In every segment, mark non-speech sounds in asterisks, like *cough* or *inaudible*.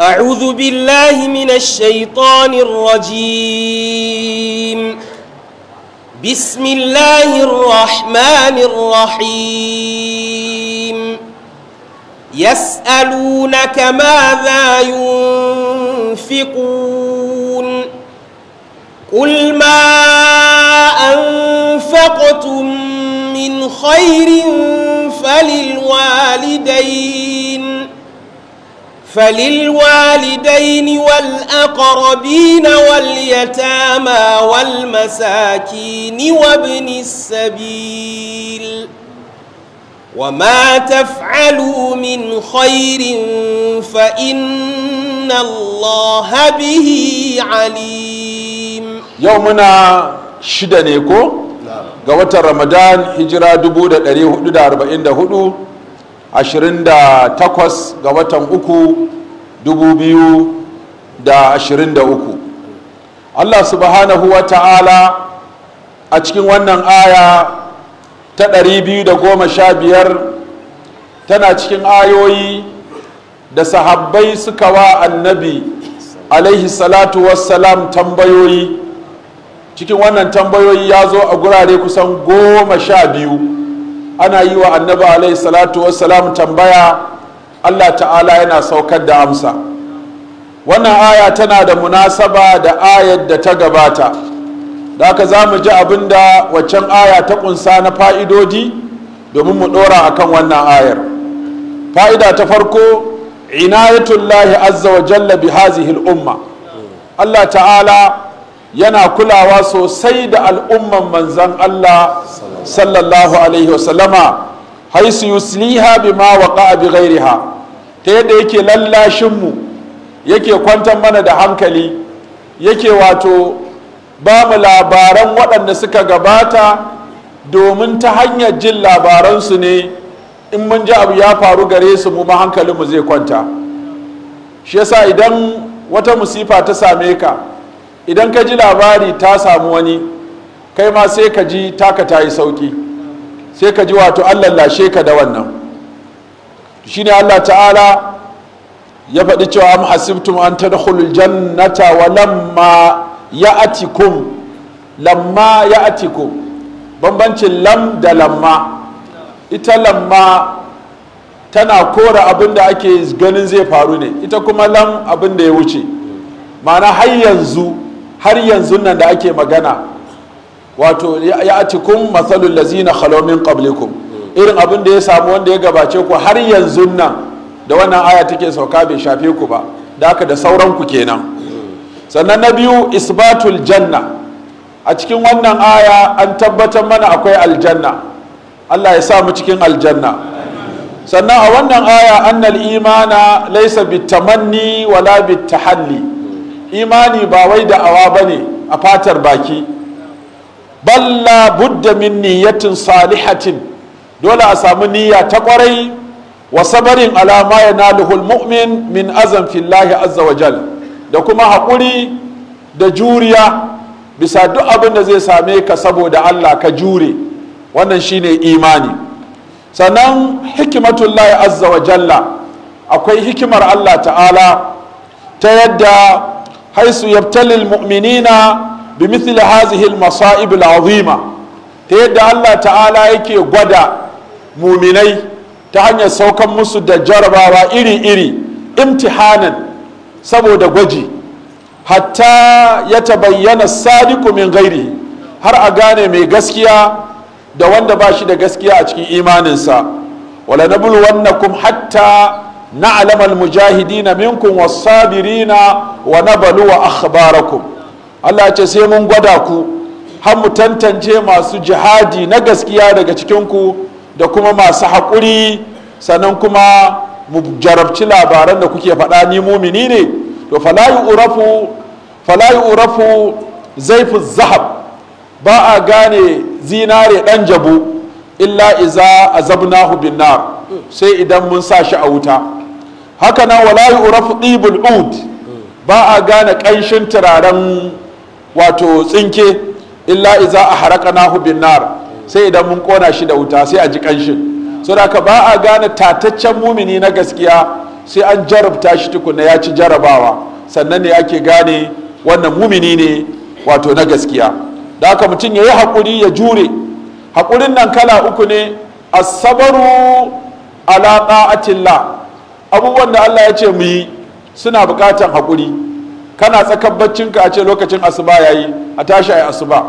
أعوذ بالله من الشيطان الرجيم بسم الله الرحمن الرحيم يسألونك ماذا ينفقون قل ما أنفقتم من خير فللوالدين فللوالدين والأقربين واليتامى والمساكين وابن السبيل وما تفعلوا من خير فإن الله به عليم يومنا شدنيكو هجرة دبودة ramadan hijira 1444 28 ga watan uku 2023 Allah subhanahu wa ta'ala a cikin wannan aya ta 215 tana cikin ayoyi da sahabbai suka wa annabi alaihi salatu wassalam tambayoyi cikin wannan tambayoyi ya zo a gurare kusan goma sha biyu ana yi wa annabi alaihi salatu wassalam tambaya allah ta'ala yana saukar da amsa wannan aya tana da munasaba da ayar da ta gabata da aka za mu ji abin da waccan aya ta kunsa na fa'idodi domin mu ɗora a kan wannan ayar fa'ida ta farko inayatullahi azza wa jalla bi hazihil umma allah ta'ala yana kulawa sosai da al'umman manzan allah sallallahu alaihi wasallama haisu yusliha bima waqa bi ha ta yadda yake lallashin mu yake kwantar mana da hankali yake wato ba mu labaran waɗanda suka gabata domin ta hanyar jin labaransu ne in mun ji abu ya faru gare su mu ma hankalinmu zai kwanta shi yasa idan wata musifa ta same ka idan ka ji labari ta samu wani kai ma sai ka ji taka ta yi sauki sai ka ji wato allah lashe ka da wannan shine allah ta'ala ya faɗi cewa am hasibtum an tadkhulul jannata wa lamma ya'atikum lamma ya'atikum bambancin lam da lamma ita lamma tana kora abin da ake ganin zai faru ne ita kuma lam abin da ya wuce ma'ana har yanzu har yanzu nan da ake magana wato ya kun matsalul lazina khalomin qablikum irin abin da ya samu wanda ya gabace ku har yanzu nan da wannan aya take sauka bai shafe ku ba da haka da sauran ku kenan sannan na biyu isbatul janna a cikin wannan aya an tabbatar mana akwai aljanna Allah ya sa mu cikin aljanna sannan a wannan aya annal imana laisa bitamanni wala bitahalli imani ba wai da awa bane a fatar baki balla budda min niyyatin salihatin dole a samu niyya ta kwarai wa sabarin alama ya naluhul mu'min min azan fillahi azza wa jal da kuma haƙuri da juriya bisa duk abin da zai same ka saboda Allah ka jure wannan shine imani sannan hikimatullahi azza wa jalla akwai hikimar Allah ta'ala ta yadda haisu yabtalil mu'minina bi mithli hadhihi al-masa'ib azima ta yadda Allah ta'ala yake gwada muminai ta hanyar saukan musu da jarabawa iri-iri imtihanan saboda gwaji hatta ya tabayyana sadiku min gairi har a gane mai gaskiya da wanda ba shi da gaskiya a cikin imaninsa wala nabluwannakum hatta na'lamal mujahidina minkum was-sabirina wa nabluwa akhbarakum Allah ce sai mun gwada ku har mu tantance masu jihadi na gaskiya daga cikinku da kuma masu haƙuri sannan kuma mu jarabci labaran da kuke faɗa ni mumini ne to falayi urafu falayi urafu zaifu zahab ba a gane zinare ɗan jabu illa iza azabnahu bin nar sai idan mun sa shi a wuta haka nan walayi urafu ɗibul ud ba a gane ƙanshin turaren wato tsinke illa iza a haraka na bin nar sai idan mun kona shi da wuta sai a ji kanshin so da ka ba a gane tataccen mumini na gaskiya sai an jarabta shi tukuna ya ci jarabawa sannan ne ake gane wannan mumini ne wato na gaskiya da haka mutum ya yi haƙuri ya jure haƙurin nan kala uku ne asabaru ala ta'atillah abubuwan da Allah ya ce mu yi suna buƙatan haƙuri kana tsakar ka a ce lokacin asuba yayi a tashi a asuba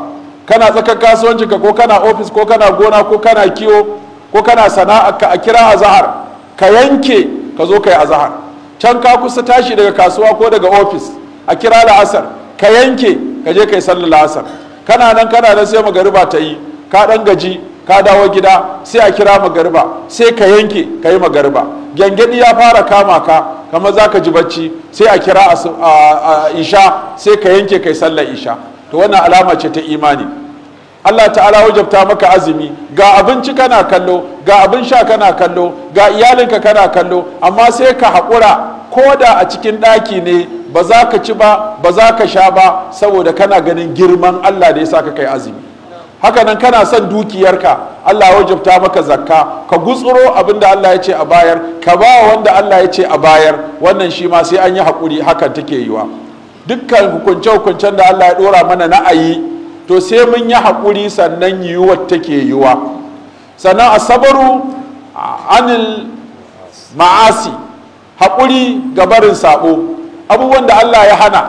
kana tsakar ka ko kana ofis ko kana gona ko kana kiwo ko kana sana'a ka a kira azahar ka yanke ka zo ka yi azahar can ka kusa tashi daga kasuwa ko daga ofis a kira la'asar ka yanke ka je kai yi sallar la'asar kana nan kana nan sai magariba ta yi ka ɗan gaji ka dawo gida sai a kira magariba sai ka yanke ka yi magariba gyangyaɗi ya fara kama ka kamar za ka ji bacci sai a kira a isha sai ka yanke kai sallar isha to wannan alama ce ta imani Allah ta'ala wajabta maka azumi ga abinci kana kallo ga abin sha kana kallo ga iyalinka kana kallo amma sai ka haƙura ko da a cikin ɗaki ne ba za ka ci ba ba za ka sha ba saboda kana ganin girman Allah da ya sa ka kai azumi haka nan kana son dukiyarka Allah ya wajabta maka zakka ka gutsuro abin da Allah ya ce a bayar ka ba wanda Allah ya ce a bayar wannan shi ma sai an yi haƙuri hakan take yiwa dukkan hukunce-hukuncen da Allah ya ɗora mana na ayi to sai mun yi haƙuri sannan yiwuwar take yiwa sannan asabaru anil ma'asi haƙuri ga barin saɓo abubuwan da Allah ya hana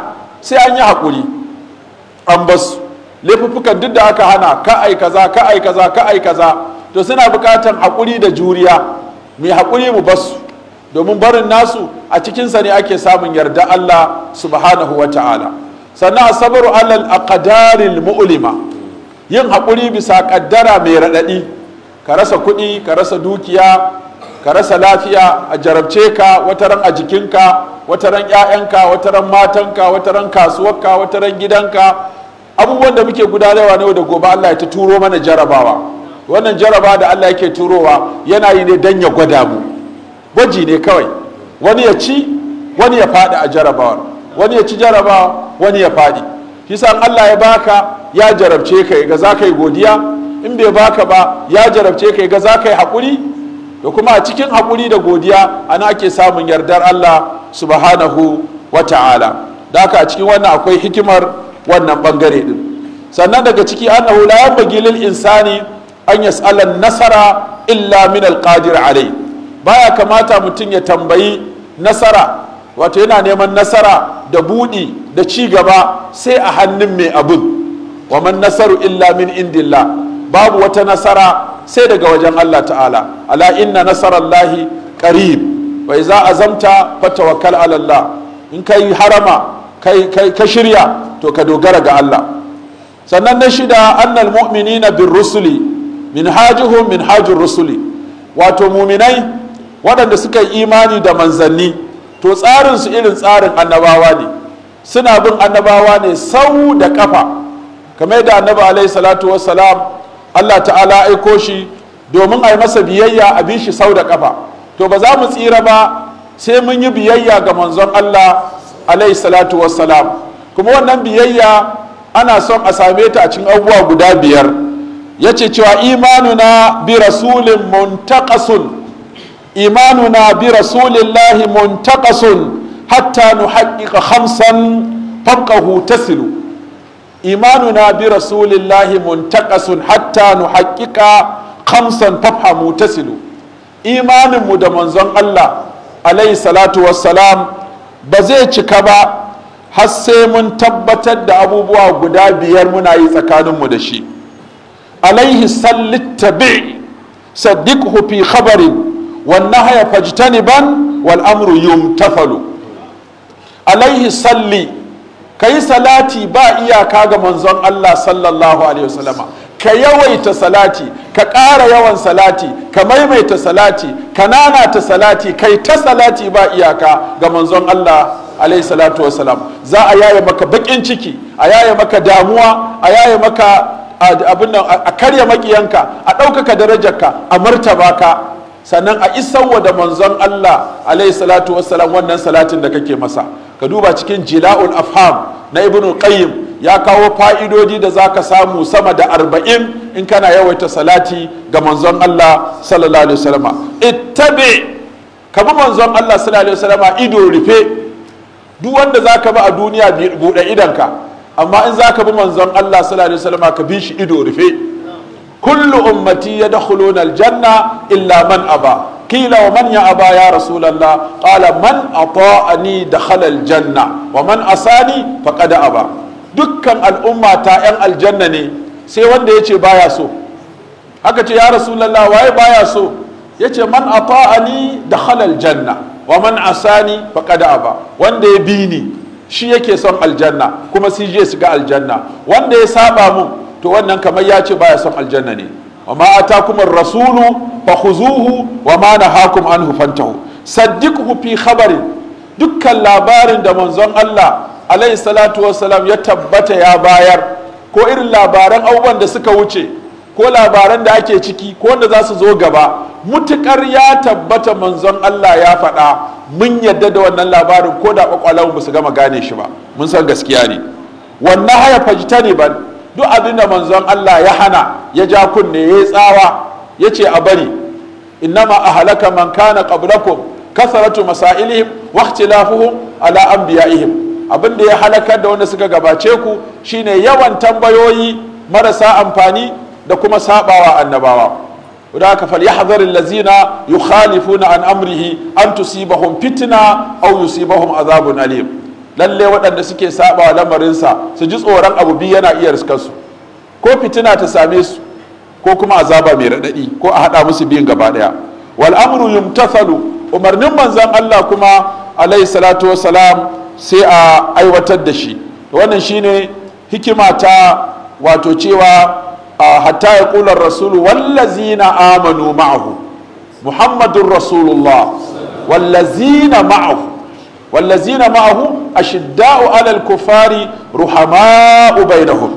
sai an yi haƙuri an basu laifuffukan duk da aka hana ka ai kaza ka ai kaza ka ai kaza to suna bukatan haƙuri da juriya mai hakuri mu basu domin barin nasu a cikinsa ne ake samun yarda Allah subhanahu wa ta'ala sannan asabaru alal aqdaril mu'lima yin haƙuri bisa ƙaddara mai raɗaɗi ka rasa kuɗi ka rasa dukiya ka rasa lafiya a jarabce ka ran a jikinka wata ran 'ya'yanka ran matanka ran kasuwarka ran gidanka abubuwan da muke gudanarwa ne da gobe Allah ya ta turo mana jarabawa wannan jaraba da Allah yake turowa yana yi ne dan ya gwada mu gwaji ne kawai wani ya ci wani ya faɗi a jarabawar wani ya ci jaraba wani ya faɗi kisan Allah ya baka ya jarabce ka ga za ka yi godiya in bai baka ba ya jarabce ka ga za ka yi haƙuri da kuma a cikin hakuri da godiya ana ake samun yardar Allah subhanahu wa ta'ala da haka a cikin wannan akwai hikimar wannan bangare din sannan daga ciki annahu la yanbaghi lil insani an yas'ala nasara illa min al qadir alai baya kamata mutum ya tambayi nasara wato yana neman nasara da budi da ci gaba sai a hannun mai abun wa man nasaru illa min indillah babu wata nasara sai daga wajen Allah ta'ala ala inna nasarallahi qarib wa idza azamta fatawakkal ala Allah in kai harama ka shirya to ka dogara ga Allah sannan na shida annal mu'minina bin rusuli min hajihun min hajin rusuli wato muminai waɗanda suka yi imani da manzanni to tsarinsu irin tsarin annabawa ne suna bin annabawa ne sau da kafa kamar da annabi alaihi salatu wassalam Allah ta'ala aiko shi domin a yi masa biyayya a bi shi sau da kafa to ba za mu tsira ba sai mun yi biyayya ga manzon Allah alaihi salatu wassalam kuma wannan biyayya ana son a same ta a cikin abubuwa guda biyar ya ce cewa imanuna bi rasulin muntakasun imanuna bi rasulin lahi muntakasun hatta nuhaqqiqa khamsan fawqahu tasilu imanuna bi rasulin lahi muntakasun hatta nuhaqqiqa khamsan fafhamu tasilu imaninmu da manzon Allah alaihi salatu wassalam ba zai cika ba har sai mun tabbatar da abubuwa guda biyar muna yi tsakaninmu da shi alaihi sallittabi saddiqhu fi khabarin wan nahya ban wal amru tafalo alaihi salli yi salati ba iyaka ga manzon Allah sallallahu alaihi wasallama ka yawaita salati ka ƙara yawan salati ka maimaita salati ka nana ta salati kai ta salati ba iyaka ga manzon Allah alaihi salatu wasalam za a yaye maka baƙin ciki a yaye maka damuwa a yaye maka abin nan a karya makiyanka a ɗaukaka darajarka a martaba ka sannan a isarwa da manzon Allah alaihi salatu wasalam wannan salatin da kake masa ka duba cikin jila'ul afham na ibn qayyim ya kawo fa'idodi da zaka samu sama da arba'in in kana yawaita salati ga manzon Allah sallallahu alaihi wasallam ittabi ka bi manzon Allah sallallahu alaihi wasallam ido rufe duk wanda zaka bi a duniya bude ka amma in zaka bi manzon Allah sallallahu alaihi wasallam ka bi shi ido rufe kullu ummati yadkhuluna aljanna illa man aba قيل ومن يا أبا يا رسول الله man من أطاعني دخل الجنة ومن أساني فقد أبى dukkan al'umma ta 'yan aljanna ne sai wanda ya ce baya so haka ce ya rasulallah waye baya so ya ce man ata'ani da halal janna wa man asani faqad aba wanda ya bi ni shi yake son aljanna kuma sai je su ga aljanna wanda ya saba mun to wannan kamar ya ce baya son aljanna ne wa ma atakum ar-rasulu fakhuzuhu wa ma hakum anhu fantahu saddiqhu fi khabarin dukkan labarin da manzon Allah alaihi salatu salam ya tabbata ya bayar ko irin labaran abubuwan da suka wuce ko labaran da ake ciki ko wanda za su zo gaba mutukar ya tabbata manzon Allah ya faɗa mun yadda da wannan labarin ko da kwakwalawun ba su gama gane shi ba mun san gaskiya ne wannan haya fajita ne ban duk abin da manzon Allah ya hana ya ja kunne ya tsawa ya ce a bari innama a halaka man kana qablakum kasaratu masailihim wa ikhtilafuhum ala anbiya'ihim abin da ya halakar da wanda suka gabace ku shine yawan tambayoyi marasa amfani da kuma sabawa annabawa da haka falyahdhar allazina yukhalifuna an amrihi an tusibahum fitna aw yusibahum azabun alim lalle waɗanda suke saba wa lamarinsa su ji tsoron abu biyu yana iya riskarsu ko fitina ta same su ko kuma azaba mai raɗaɗi ko a haɗa musu biyun gaba ɗaya wal amru yumtathalu umarnin manzon Allah kuma alayhi salatu wassalam sai a aiwatar da shi wannan shine hikima ta wato cewa hatta ya kula rasulu wallazina amanu ma'ahu muhammadun rasulullah wallazina ma'ahu wallazina ma'ahu ashidda'u alal kufari ruhama'u bainahum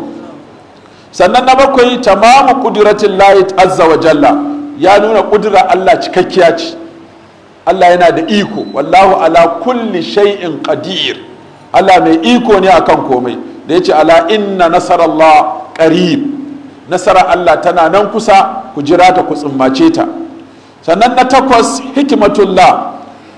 sannan na bakwai tamamu kudratin layi azza wa jalla ya nuna kudura Allah cikakkiya ce Allah yana da iko wallahu ala kulli shay'in qadir Allah mai iko ne akan komai da yace ala inna nasarallah qarib nasara Allah tana nan kusa ku jira ta ku tsimmace ta sannan na takwas hikmatullah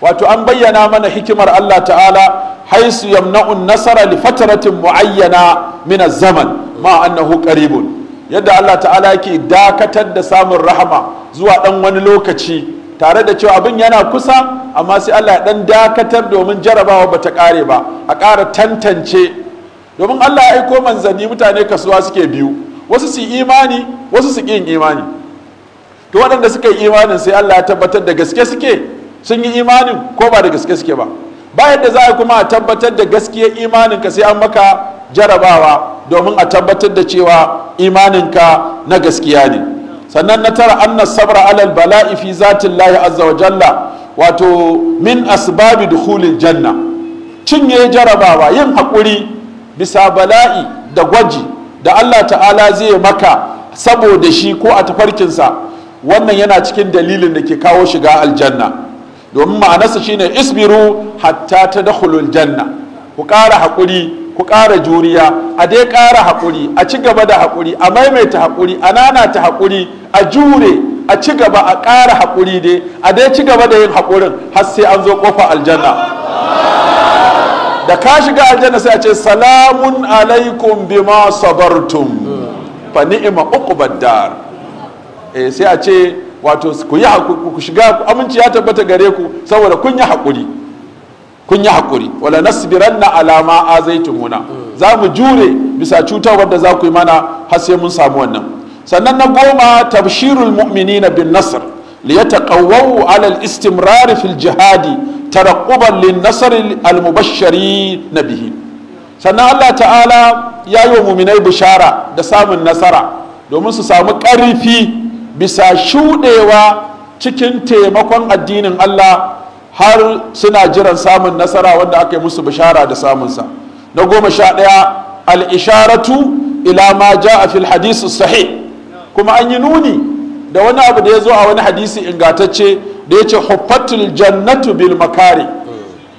wato an bayyana mana hikimar Allah ta'ala haisu yamna'un nasara li fataratin muayyana min zaman ma annahu qaribun yadda Allah ta'ala yake dakatar da samun rahama zuwa dan wani lokaci tare da cewa abin yana kusa amma sai Allah ya dan dakatar domin jarabawa bata kare ba a kara tantance domin Allah ya aiko manzanni mutane kasuwa suke biyu wasu su imani wasu su imani to waɗanda suka yi imanin sai Allah ya tabbatar da gaske suke sun yi imanin ko ba da gaske suke ba ba yadda za a kuma a tabbatar da gaskiyar ka sai an maka jarabawa domin a tabbatar da cewa imanin ka na gaskiya ne sannan na tara anna sabra alal bala'i fi zatin lahi azza wa jalla wato min asbabi dukhulil janna cinye jarabawa yin haƙuri bisa bala'i da gwaji da Allah ta'ala zai maka saboda shi ko a tafarkinsa wannan yana cikin dalilin da ke kawo shiga aljanna domin ma'anarsa shine isbiru hatta ta dakhulul janna ku ƙara haƙuri ku ƙara juriya a dai ƙara haƙuri a ci gaba da haƙuri a maimaita haƙuri a nanata haƙuri a jure a ci gaba a ƙara haƙuri dai a dai ci gaba da yin haƙurin har sai an zo ƙofa aljanna da ka shiga aljanna sai a ce salamun alaikum bima sabartum fa ni'ima uqbad dar eh, sai a ce wato ku yi ku shiga aminci ya tabbata gare ku saboda kun yi hakuri kun yi hakuri wala nasbiranna ala ma azaitumuna za mu jure bisa cutar wadda za ku yi mana har sai mun samu wannan sannan na goma tabshirul mu'minina bin nasr liyataqawwu ala al-istimrar fil jihadi taraqquban lin nasr al-mubashshirin bihi sannan Allah ta'ala ya yi wa muminai bishara da samun nasara domin su samu ƙarfi bisa shuɗewa cikin taimakon addinin Allah har suna jiran samun nasara wanda aka yi musu bishara da samunsa na goma sha ɗaya al'isharatu ila ma ja a fil hadisi sahi kuma an yi nuni da wani abu da ya zo a wani hadisi ingatacce da ya ce hufatul jannatu bil makari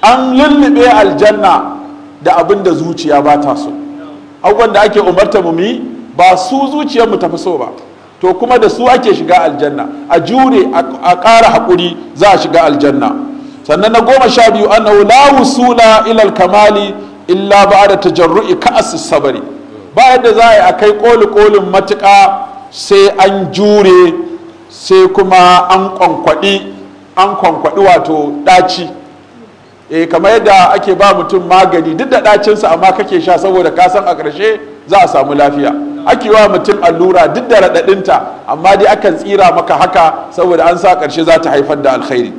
an lullube aljanna da abin da zuciya ba ta so abubuwan da ake umarta mu yi ba su zuciyar mu tafi so ba to kuma da su ake shiga aljanna a jure a ƙara haƙuri za a shiga aljanna sannan na goma sha biyu an la wusula ilal kamali illa ba da tajarru'i ka'as sabari ba yadda za a kai koli kolin matuƙa sai an jure sai kuma an kwankwaɗi an kwankwaɗi wato ɗaci e kamar yadda ake ba mutum magani duk da ɗacinsa amma kake sha saboda ka san a ƙarshe za a samu lafiya ake wa mutum allura duk da raɗaɗinta amma dai akan tsira maka haka saboda an sa ƙarshe za ta haifar da alkhairi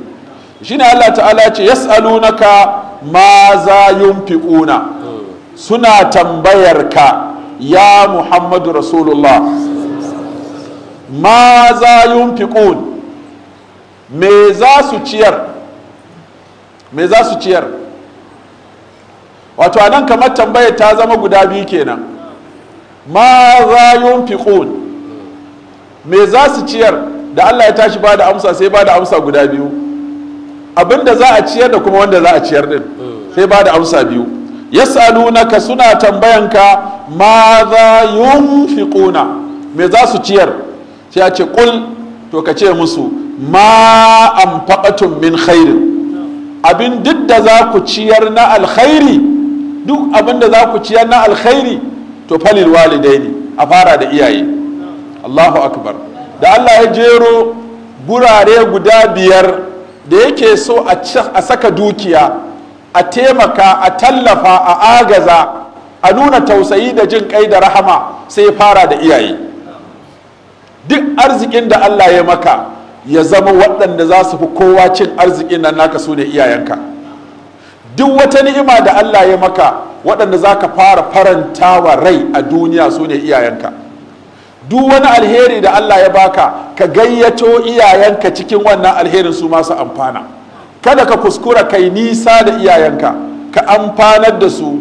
shine Allah ta'ala ce yas'alunaka ma za yunfiquna suna tambayar ka ya Muhammadu Rasulullah ma za yunfiqun me za su ciyar me za su ciyar wato anan kamar tambayar ta zama guda biyu kenan ma za yunfiqun me za su ciyar da Allah ya tashi ba da amsa sai ba da amsa guda biyu abinda za a ciyar da kuma wanda za a ciyar din sai ba da amsa biyu yas'alunaka suna ka ma za yunfiquna me za su ciyar sai a ce kul to ka ce musu ma anfaqatum min khairin abin duk da za ku ciyar na alkhairi duk abin da za ku ciyar na alkhairi to falil walidaini a fara da iyaye Allahu akbar da Allah ya jero gurare guda biyar da yake so a saka dukiya a taimaka a tallafa a agaza a nuna tausayi da jin kai da rahama sai fara da iyaye duk arzikin da Allah ya maka ya zama waɗanda za su fi kowa cin arzikin nan naka su ne iyayenka duk wata ni'ima da Allah ya maka waɗanda za ka fara faranta wa rai a duniya su ne iyayenka duk wani alheri da allah ya baka ka gayyato iyayenka cikin wannan alherin su masu amfana kada ka kuskura kai nisa da iyayenka ka amfanar da su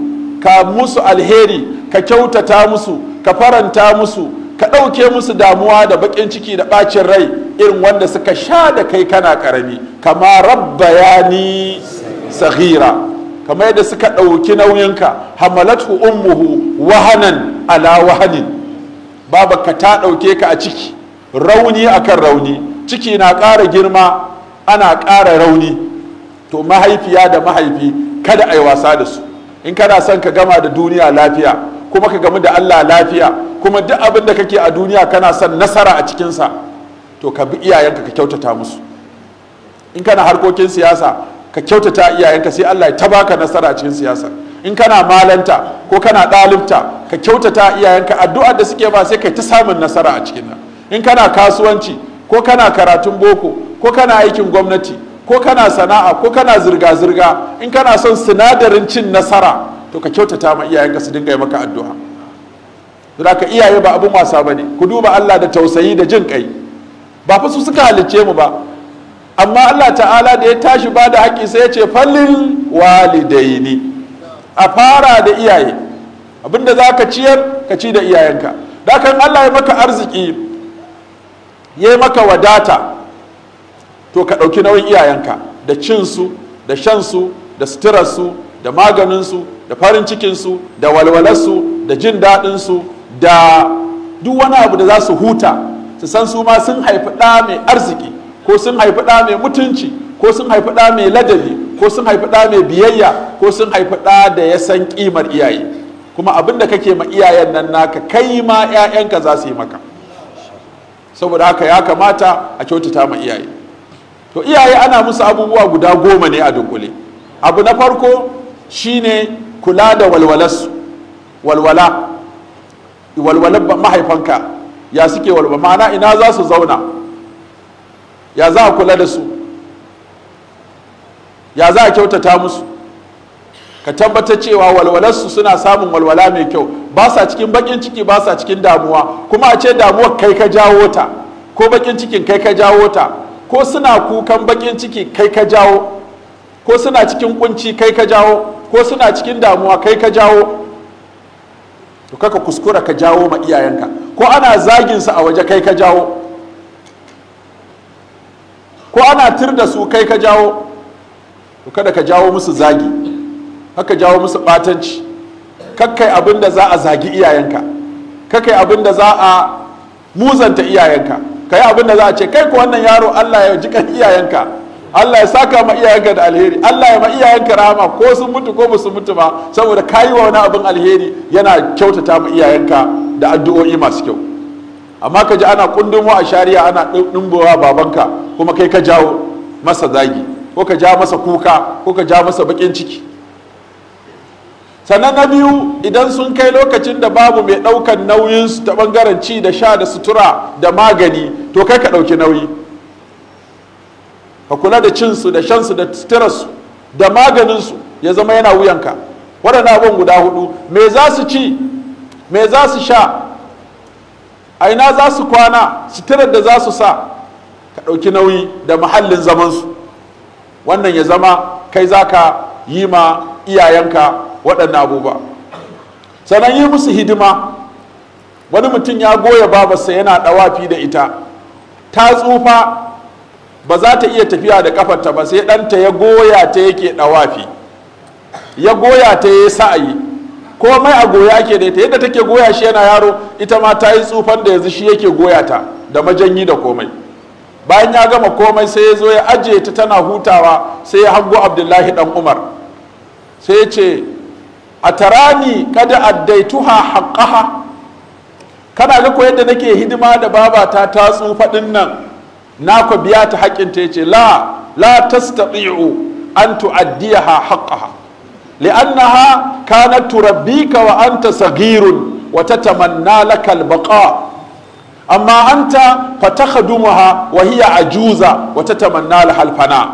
ka musu alheri ka kyautata musu ka faranta musu ka ɗauke musu damuwa da baƙin ciki da ɓacin rai irin wanda suka sha da kai kana ƙarami kama sahira. Sahira. kamar yadda suka ɗauki nauyinka hamalatu ummuhu wahanan ala wahanin ka ta ɗauke ka a ciki rauni akan rauni ciki na ƙara girma ana ƙara rauni to mahaifiya da mahaifi kada a yi wasa da su in kana son ka gama da duniya lafiya kuma ka gamu da allah lafiya kuma duk abin da kake a duniya kana son nasara a cikinsa to ka bi iyayenka ka kyautata musu in kana harkokin siyasa ka kyautata iyayenka sai Allah ya ta baka nasara cikin siyasa in kana malanta ko kana ɗalibta ka kyautata iyayenka addu'a da suke ba sai kai ta samun nasara a cikin nan in kana kasuwanci ko kana karatun boko ko kana aikin gwamnati ko kana sana'a ko kana zirga-zirga in kana son sinadarin cin nasara to ka kyautata ma iyayenka su dinga yi maka addu'a don iyaye ba abin wasa ne. ku duba Allah da tausayi da jin kai ba fa su suka halicce mu ba amma Allah ta'ala da ya tashi ba da haƙƙi sai ya ce fallin walidaini a fara da iyaye abinda za ka ciyar ka ci da iyayenka dakan Allah ya maka arziki ya maka wadata to ka ɗauki nauyin iyayenka da cinsu da shansu da suturarsu da maganinsu da farin cikinsu da walwalarsu da jin daɗinsu da duk wani abu da za su huta su san su ma sun haifi ɗa mai arziki ko sun haifi ɗa mai mutunci ko sun haifi ɗa mai ladabi ko sun haifi ɗa mai biyayya ko sun haifi ɗa da ya san ƙimar iyaye kuma abin da kake ma iyayen nan naka kai ma 'ya'yanka za su yi maka saboda haka ya kamata a kyautata ma iyaye to iyaye ana musu abubuwa guda goma ne a dunkule abu na farko shine kula da walwalarsu walwala walwalar mahaifanka ya suke walwala ma'ana ina za su zauna ya za a kula da su ya za a kyautata musu ka tabbatar cewa walwalarsu suna samun walwala mai kyau ba sa cikin bakin ciki ba sa cikin damuwa kuma a ce damuwar kai ka jawo ta ko bakin cikin kai ka jawo ta ko suna kukan bakin ciki kai ka jawo ko suna cikin kunci kai ka jawo ko suna cikin damuwa kai ka jawo to kaka kuskura ka jawo ma iyayenka ko ana zagin su a waje kai ka jawo ko ana tir da su kai ka jawo to kada ka jawo musu zagi haka jawo musu batanci kakkai abin da za a zagi iyayenka kakkai abin da za a muzanta iyayenka kai abin da za a ce kai ko wannan yaro Allah ya jika iyayenka Allah ya saka ma iyayenka da alheri Allah ya ma iyayenka rahama ko sun mutu ko ba mutu ba saboda kayi wa wani abin alheri yana kyautata ma iyayenka da addu'o'i masu kyau amma ka ji ana kundumo a shari'a ana ɗumbowa babanka kuma kai ka jawo masa zagi ko ka ja masa kuka ko ka ja masa bakin ciki sannan na biyu idan sun kai lokacin da babu mai ɗaukan nauyin ta ɓangaren ci da sha da sutura da magani to kai ka ɗauki nauyi ka kula da cinsu da shansu da suturarsu da maganinsu ya zama yana wuyanka waɗannan abin guda hudu me za su ci me za su sha a ina za su kwana suturar da za su sa ka ɗauki nauyi da mahallin zamansu wannan ya zama kai za ka yi ma iyayenka waɗannan abubuwa sannan yi musu hidima wani mutum ya goya babarsa yana ɗawafi da ita ta tsufa ba za ta iya tafiya da kafarta ba sai ɗanta ya goya ta yake ɗawafi ya goya ta ya sa'ayi komai a goya ake da ita yadda take goya shi yana yaro ita ma ta yi tsufan da yanzu shi yake goya ta da majanyi da komai bayan ya gama komai sai ya zo ya aje ta tana hutawa sai ya hango abdullahi dan umar sai ya ce a tarani kada addaituha haqqaha kana ga ko yadda nake hidima da babata ta tsufa din nan na ku biya ta haƙƙinta ya ce la la tastati'u an tu'addiyaha haqqaha li'annaha kanat turabbika wa anta saghirun wa tatamanna laka al-baqa amma anta fatakhadumuha wa hiya ajuza wata tatamanna laha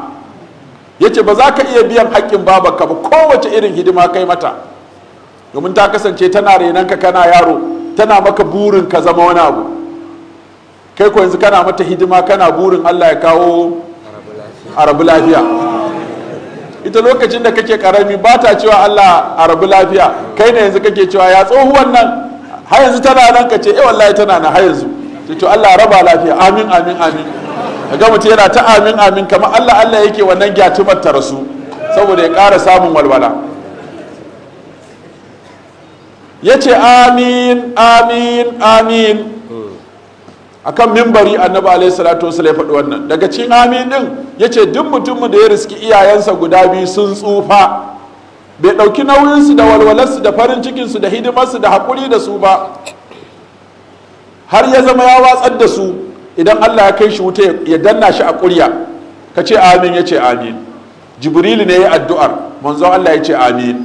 yace ba za ka iya biyan haƙƙin babanka ba kowace irin hidima kai mata domin ta kasance tana renanka kana yaro tana maka burin ka zama wani abu kai ko yanzu kana mata hidima kana burin Allah ya kawo arabu lafiya ita lokacin da kake karami ba ta cewa Allah a rabu lafiya kai ne yanzu kake cewa ya tsohuwan nan har yanzu tana nan ka ce eh wallahi tana nan har yanzu to Allah raba lafiya amin amin amin ga mutum yana ta amin amin kamar Allah Allah yake wannan gyatumar ta rasu saboda ya ƙara samun walwala yace amin amin amin akan mimbari annabi alaihi salatu wasallam ya wannan daga cikin amin din yace duk mutumin da ya riski iyayensa guda biyu sun tsufa bai ɗauki nauyinsu da walwalarsu da farin cikinsu da hidimarsu da haƙuri da su ba har ya zama ya watsar da su idan allah ya kai shi wuta ya danna shi a kurya ka ce amin ya ce amin jibril ne ya addu'ar manzon allah ya ce amin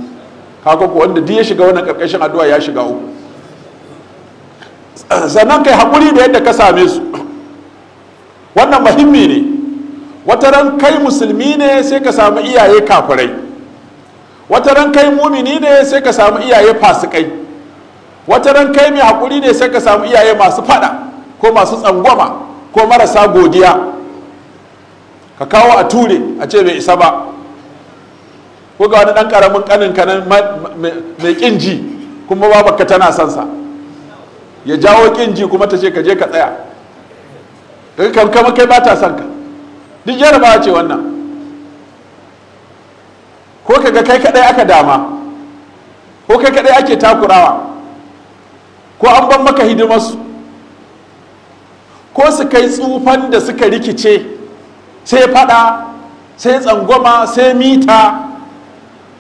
kaga wanda duk ya shiga wannan ƙarƙashin addu'a ya shiga uku sannan kai haƙuri da yadda ka same su wannan muhimmi ne wata ran kai musulmi ne sai ka samu iyaye kafirai wata ran kai mumini ne sai ka samu iyaye fasikai wata ran kai mai haƙuri ne sai ka samu iyaye masu fada ko masu tsangwama ko marasa godiya ka kawo a ture a ce bai isa ba ko ga wani ɗan ƙaramin ƙanin ka mai ƙin ji kuma babaka tana son sa ya jawo kin ji kuma ta ce ka je ka tsaya kan kama kai ba ta son ka duk jarabawa ce wannan ko ka ga kai kadai aka dama ko kai kadai ake takurawa ko an ban maka hidimarsu ko su kai tsufan da suka rikice sai fada sai tsangwama sai mita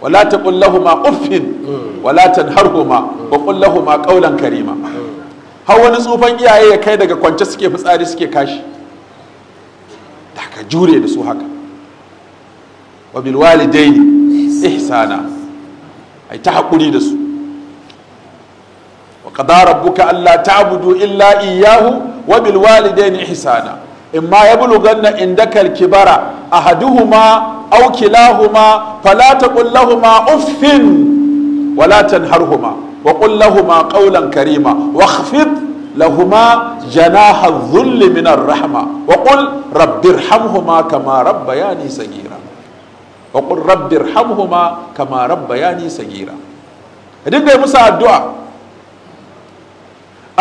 wala ta ƙullahu ma uffin wala ta harhuma wa ƙullahu ma karima har wani tsufan iyaye ya kai daga kwance suke fitsari suke kashi da ka jure da su haka wa walidaini ihsana ai ta hakuri da su wa qada rabbuka alla ta'budu illa iyyahu wa bil walidaini ihsana imma yablughanna indaka al kibara ahaduhuma aw kilahuma fala taqul lahumā uffin wa la tanharhumā wa qul lahumā qawlan karīmā wa lahuma janaha dhulli rahma wa qul rabbirhamhuma kama rabbayani sagira wa qul rabbirhamhuma kama rabbayani sagira dinga yi addu'a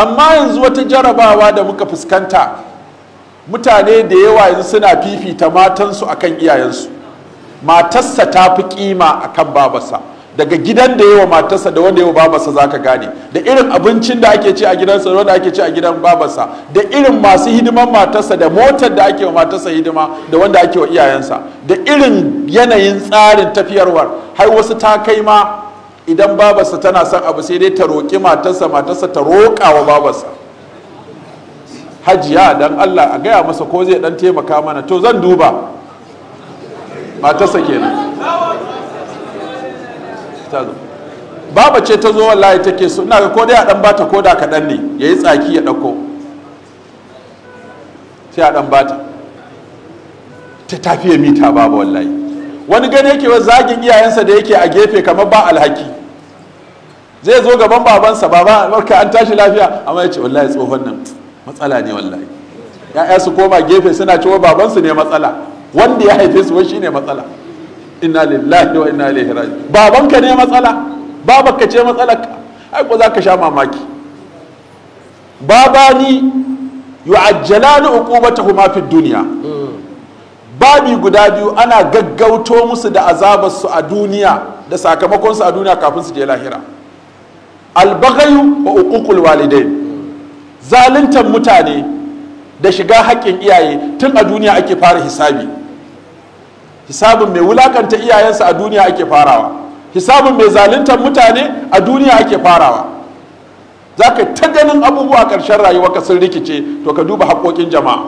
amma yanzu wata jarabawa da muka fuskanta mutane da yawa yanzu suna fifita matansu akan iyayensu matarsa ta fi kima akan babarsa daga gidan da yawa matarsa da wanda yawa babarsa za ka gane da irin abincin da ake ci a gidansa da wanda ake ci a gidan babarsa da irin masu hidiman matarsa da motar da ake wa matarsa hidima da wanda ake wa iyayensa da irin yanayin tsarin tafiyarwar har wasu ta kai ma idan babarsa tana son abu sai dai ta roƙi matarsa matarsa ta roƙa wa babarsa hajiya dan Allah a gaya masa ko zai dan taimaka mana to zan duba matarsa kenan ta zo baba ce ta zo wallahi take so ina ga ko dai a dan bata ko da kaɗan ne yayi tsaki ya dauko sai a dan bata ta tafiye mita baba wallahi wani gane yake wa zagin iyayensa da yake a gefe kamar ba alhaki zai zo gaban babansa baba barka an tashi lafiya amma ya ce wallahi tsohon nan matsala ne wallahi ya'ya su koma gefe suna cewa babansu ne matsala wanda ya haife su wai shine matsala inna lillahi wa inna ilaihi raji babanka ne matsala babanka ce matsala ai ko za ka sha mamaki babani yu'ajjalani uqubatahuma fi dunya babi guda biyu ana gaggauto musu da azabar su a duniya da sakamakon su a duniya kafin su je lahira albagayu wa uququl walidain zaluntar mutane da shiga haƙƙin iyaye tun a duniya ake fara hisabi hisabin mai wulakanta iyayensa a duniya ake farawa hisabin mai zaluntar mutane a duniya ake farawa za ka ta ganin abubuwa ƙarshen ka sun rikice to ka duba haƙoƙin jama'a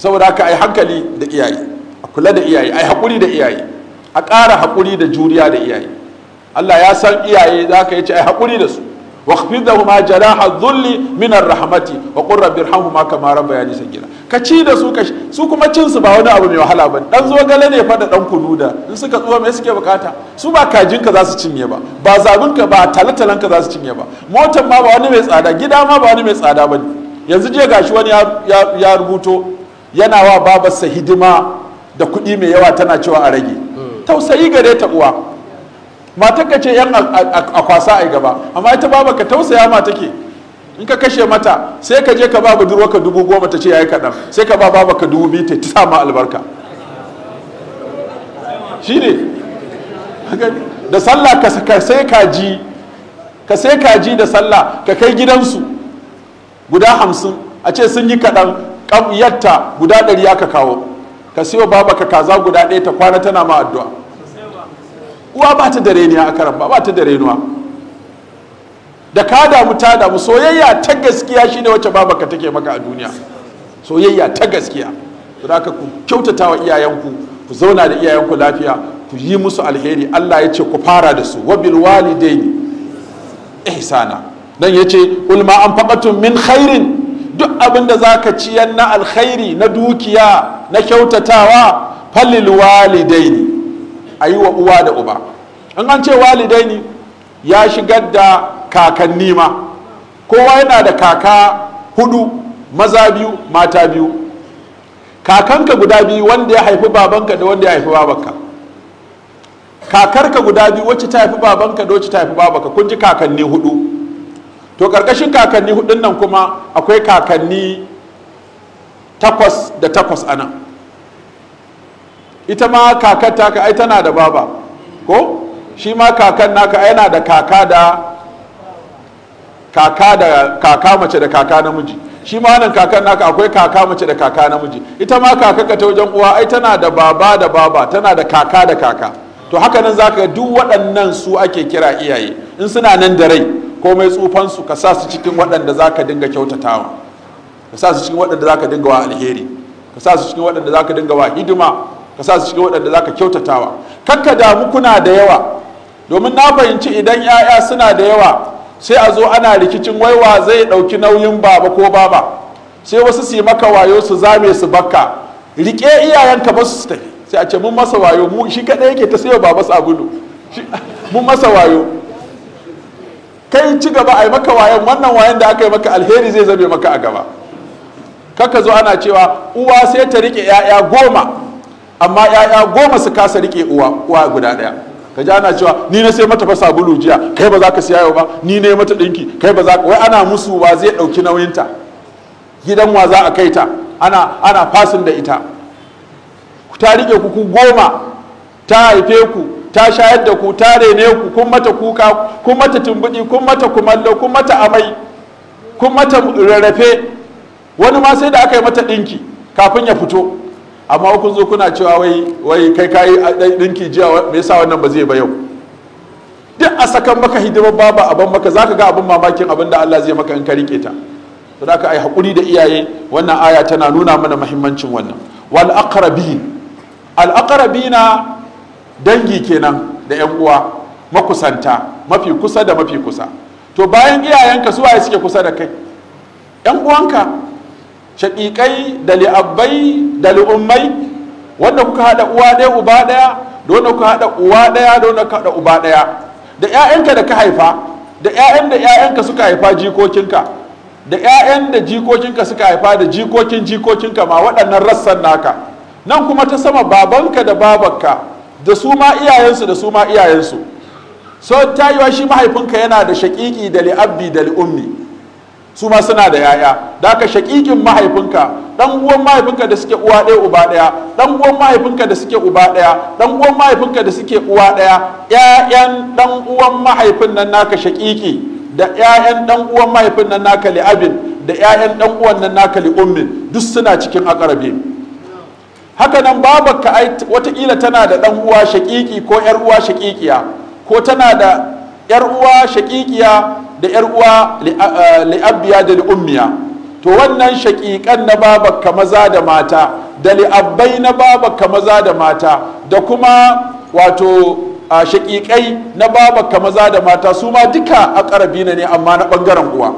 saboda haka yi hankali da iyaye a kula da iyaye ai haƙuri da iyaye a ƙara haƙuri da juriya da iyaye Allah ya san iyaye za ka yi ce yi haƙuri da su واخفضهما جناح الذل من الرحمة وقل رب ارحمهما كما ربياني صغيرا ka ci da su ka su kuma cin su ba wani abu mai wahala ba dan zogale ne fa da dan kunu da in suka tsuwa mai suke bukata su ba kajin ka za su cinye ba ba zabin ka ba talatalan ka za su cinye ba Motan ma ba wani mai tsada gida ma ba wani mai tsada ba yanzu je gashi wani ya rubuto yana wa babarsa hidima da kuɗi mai yawa tana cewa a rage hmm. tausayi gare ta uwa matar ka ce yan akwasa ai gaba amma ita baba ka tausaya ma take in ka kashe mata sai ka je ka ba budurwa ka dubu goma ta ce ya yi kaɗan sai ka ba babaka ka dubu biyu ta sa ma albarka ne da sallah ka sai ka sai da sallah ka kai gidansu guda hamsin a ce sun yi kaɗan ƙamiyarta guda ɗari ya ka kawo ka siyo baba ka kaza guda ɗaya ta kwana tana ma addu'a uwa ba ta da reniya a karan ba ba ta da renuwa da ka damu ta damu soyayya ta gaskiya shine wacce babaka take maka a duniya soyayya ta gaskiya don haka ku kyautata wa iyayenku ku zauna da iyayenku lafiya ku yi musu alheri Allah ya ce ku fara da su wa bil walidaini nan ya ce ulma ma anfaqatum min khairin duk abin da zaka ciyar na alkhairi na dukiya na kyautatawa falil walidaini ayi wa uwa da uba in an ce walidaini ya shigar da kakanni ma kowa yana da kaka hudu maza biyu mata biyu kakanka guda biyu wanda ya haifi babanka da wanda ya haifi babanka kakarka guda biyu wacce ta haifi babanka da wacce ta haifi babanka kun ji kakanni hudu to karkashin kakanni hudun nan kuma akwai kakanni takwas da takwas ana ita ma kakar ka ai tana da baba ko shi ma kakan naka yana da kaka da kaka da kaka mace da kaka namiji shi ma nan kakan naka akwai kaka mace da kaka namiji ita ma kaka ka ta wajen uwa ai tana da baba da baba tana da kaka da kaka to haka nan zaka duk waɗannan su ake kira iyaye in suna nan da rai komai tsufan su ka sa su cikin waɗanda zaka dinga kyautatawa ka sa su cikin waɗanda zaka dinga wa alheri ka sa su cikin waɗanda zaka dinga wa hidima ka sa su cikin waɗanda zaka kyautatawa kakka damu kuna da yawa domin na fahimci idan 'ya'ya suna da yawa sai a zo ana rikicin waiwa zai ɗauki nauyin baba ko baba sai wasu su yi maka wayo su zame su bakka rike iyayenka ba su tafi sai a ce mun masa wayo mu shi kaɗai yake ta sai baba agudu mun masa wayo kai ci gaba a yi maka wayan wannan wayan da aka yi maka alheri zai zame maka a gaba kaka zo ana cewa uwa sai ta rike 'ya'ya goma amma 'ya'ya goma su kasa rike uwa uwa guda ɗaya ka ji ana cewa ni na sai mata fa sabulu jiya kai ba za ka siya yau ba ni ne mata dinki kai ba za ka wai ana musu wa zai nauyin ta gidan wa za a kai ta ana ana fasin da ita ta rike ku ku goma ta haife ku ta shayar da ku ta rene ku kun mata kuka kun mata tumbudi kun mata kumallo kun mata amai kun mata rarrafe wani ma sai da aka yi mata ɗinki kafin ya fito amma kun zo kuna cewa wai wai kai kai dinki jiya me yasa wannan ba zai ba yau duk a sakan maka hidimar babu abin maka zaka ga abin mamakin abin da Allah zai maka in ka rike ta to ka ai hakuri da iyaye wannan aya tana nuna mana muhimmancin wannan wal aqrabin al aqrabina dangi kenan da yan uwa makusanta mafi kusa da mafi kusa to bayan iyayenka su waye suke kusa da kai yan uwanka shaƙiƙai da li'abbai da li'ummai wanda kuka haɗa uwa ɗaya uba ɗaya da wanda kuka haɗa uwa ɗaya da wanda kuka haɗa uba ɗaya da 'ya'yanka da ka haifa da 'ya'yan da 'ya'yanka suka haifa jikokinka da 'ya'yan da jikokinka suka haifa da jikokin jikokinka ma waɗannan rassan naka nan kuma ta sama babanka da babanka da su ma iyayensu da su ma iyayensu so tayiwa shi mahaifinka yana da shaƙiƙi da li'abbi da li'ummi su ma suna da yaya da ka shakikin mahaifinka dan uwan mahaifinka da suke uwa ɗaya uba ɗaya dan uwan mahaifinka da suke uba ɗaya dan uwan mahaifinka da suke uwa ɗaya ƴaƴan dan uwan mahaifin nan naka shakiki da ƴaƴan dan uwan mahaifin nan naka li'abin da ƴaƴan dan uwan nan naka li'ummin duk suna cikin akarabe haka nan babarka ai watakila tana da dan uwa shakiki ko ƴar uwa shakikiya ko tana da ƴar uwa shakikiya da yar uwa abiya da li'ummiya to wannan shaqiqan na ka maza da mata da li'abbai na ka maza da mata da kuma wato shaƙiƙai na ka maza da mata su ma duka a akarabina ne amma na ɓangaren uwa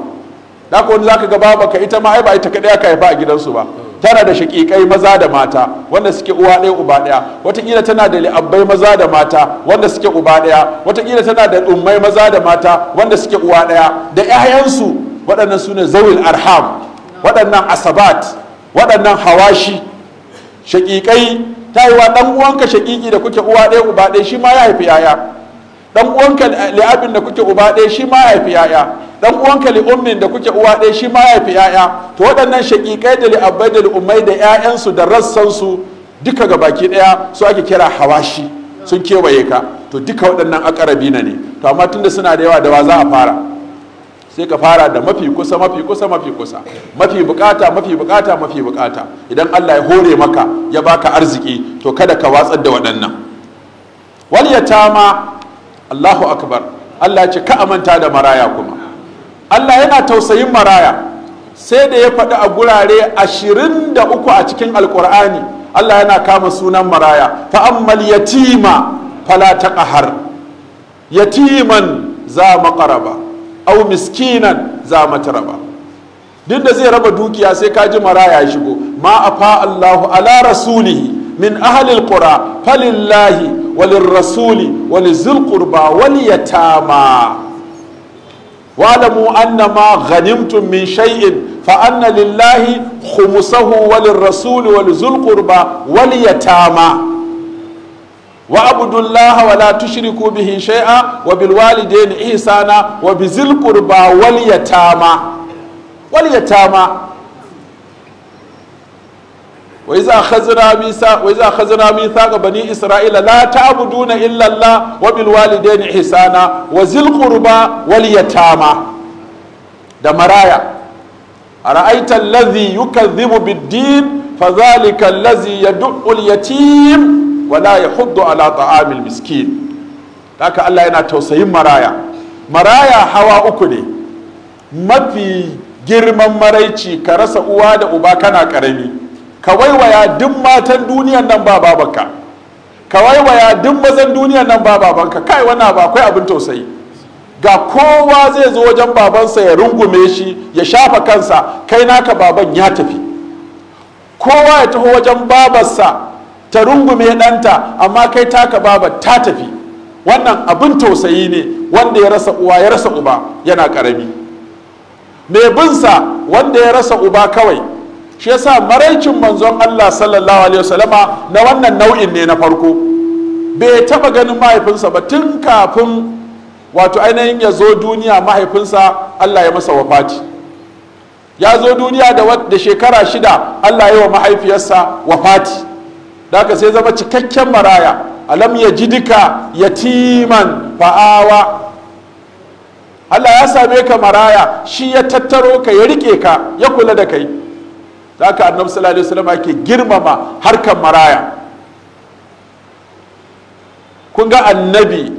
da wani zaka ga ka ita ma ai ba ita kaɗai aka haifa a gidansu ba tana da shakikai maza da mata wanda suke uwa ɗaya uba ɗaya watakila tana da li'abbai maza da mata wanda suke uba ɗaya watakila tana da ummai maza da mata wanda suke uwa ɗaya da 'ya'yansu waɗannan su ne zawil arham waɗannan asabat waɗannan hawashi shakikai ta yi wa ɗan uwanka shakiki da kuke uwa ɗaya uba ɗaya shi ma ya haifi 'ya'ya dan uwanka abin da kuke uba ɗaya shi ma haifi yaya dan uwanka ummin da kuke uwa ɗaya shi ma haifi yaya to waɗannan shaƙiƙai da li'abbai da li'ummai da 'ya'yansu da rassan su duka ga baki ɗaya su ake kira hawashi sun kewaye ka to duka waɗannan akarabi na ne to amma tunda suna da yawa da wa za a fara sai ka fara da mafi kusa mafi kusa mafi kusa mafi bukata mafi bukata mafi bukata idan Allah ya hore maka ya baka arziki to kada ka watsar da waɗannan wal yatama Allahu akbar Allah ce ka amanta da maraya kuma Allah yana tausayin maraya sai da ya faɗi a gurare ashirin da uku a cikin Alƙur'ani. Allah yana kama sunan maraya fa yatima fala ƙahar yatiman za maqaraba au miskinan za mataraba duk da zai raba dukiya sai ka ji maraya ya shigo ma afa Allahu ala rasulihi min ahlil qura falillahi walin rasuli wali zulkurba wali wa'lamu anna ma ghanimtum min shay'in fa anna lillahi khumsahu walin rasuli wali zulkurba wali yatama wa abudullaha wa la tushriku bihi shay'a wa bil ihsana wa Wai za a misa sa iza bani isra'ila la ta'buduna illa illallah wa bilwalidain hisana. ihsana wa zil qurba wal yatama da maraya ara'aita alladhi yukadhibu bid-din fadhalika alladhi yad'u al-yatim wa la yahuddu ala ta'amil miskin haka Allah yana tausayin maraya maraya hawa uku ne mafi girman maraici ka rasa uwa da uba kana karami ka waiwaya duk matan duniyan nan ba babanka ka waiwaya duk mazan duniyan nan ba babanka kai wannan ba akwai abin tausayi ga kowa zai zo wajen babansa ya rungume shi ya shafa kansa kai naka baban ya tafi kowa ya taho wajen babarsa ta rungume ɗanta amma kai taka baba ta tafi wannan abin tausayi ne wanda ya rasa uwa ya rasa uba yana karami mai binsa wanda ya rasa uba kawai shi yasa maraicin manzon Allah sallallahu alaihi wasallama na wannan nau'in ne na farko bai taba ganin mahaifinsa ba tun kafin wato ainihin ya zo duniya mahaifinsa Allah ya masa wafati ya zo duniya da shekara shida Allah ya wa mahaifiyarsa wafati da haka sai zama cikakken maraya alam ya ji ya timan fa'awa Allah ya same ka maraya shi ya tattaro ka ya rike ka ya kula da kai da aka annabi sallallahu alaihi wasallam ake girmama harkar maraya kun ga annabi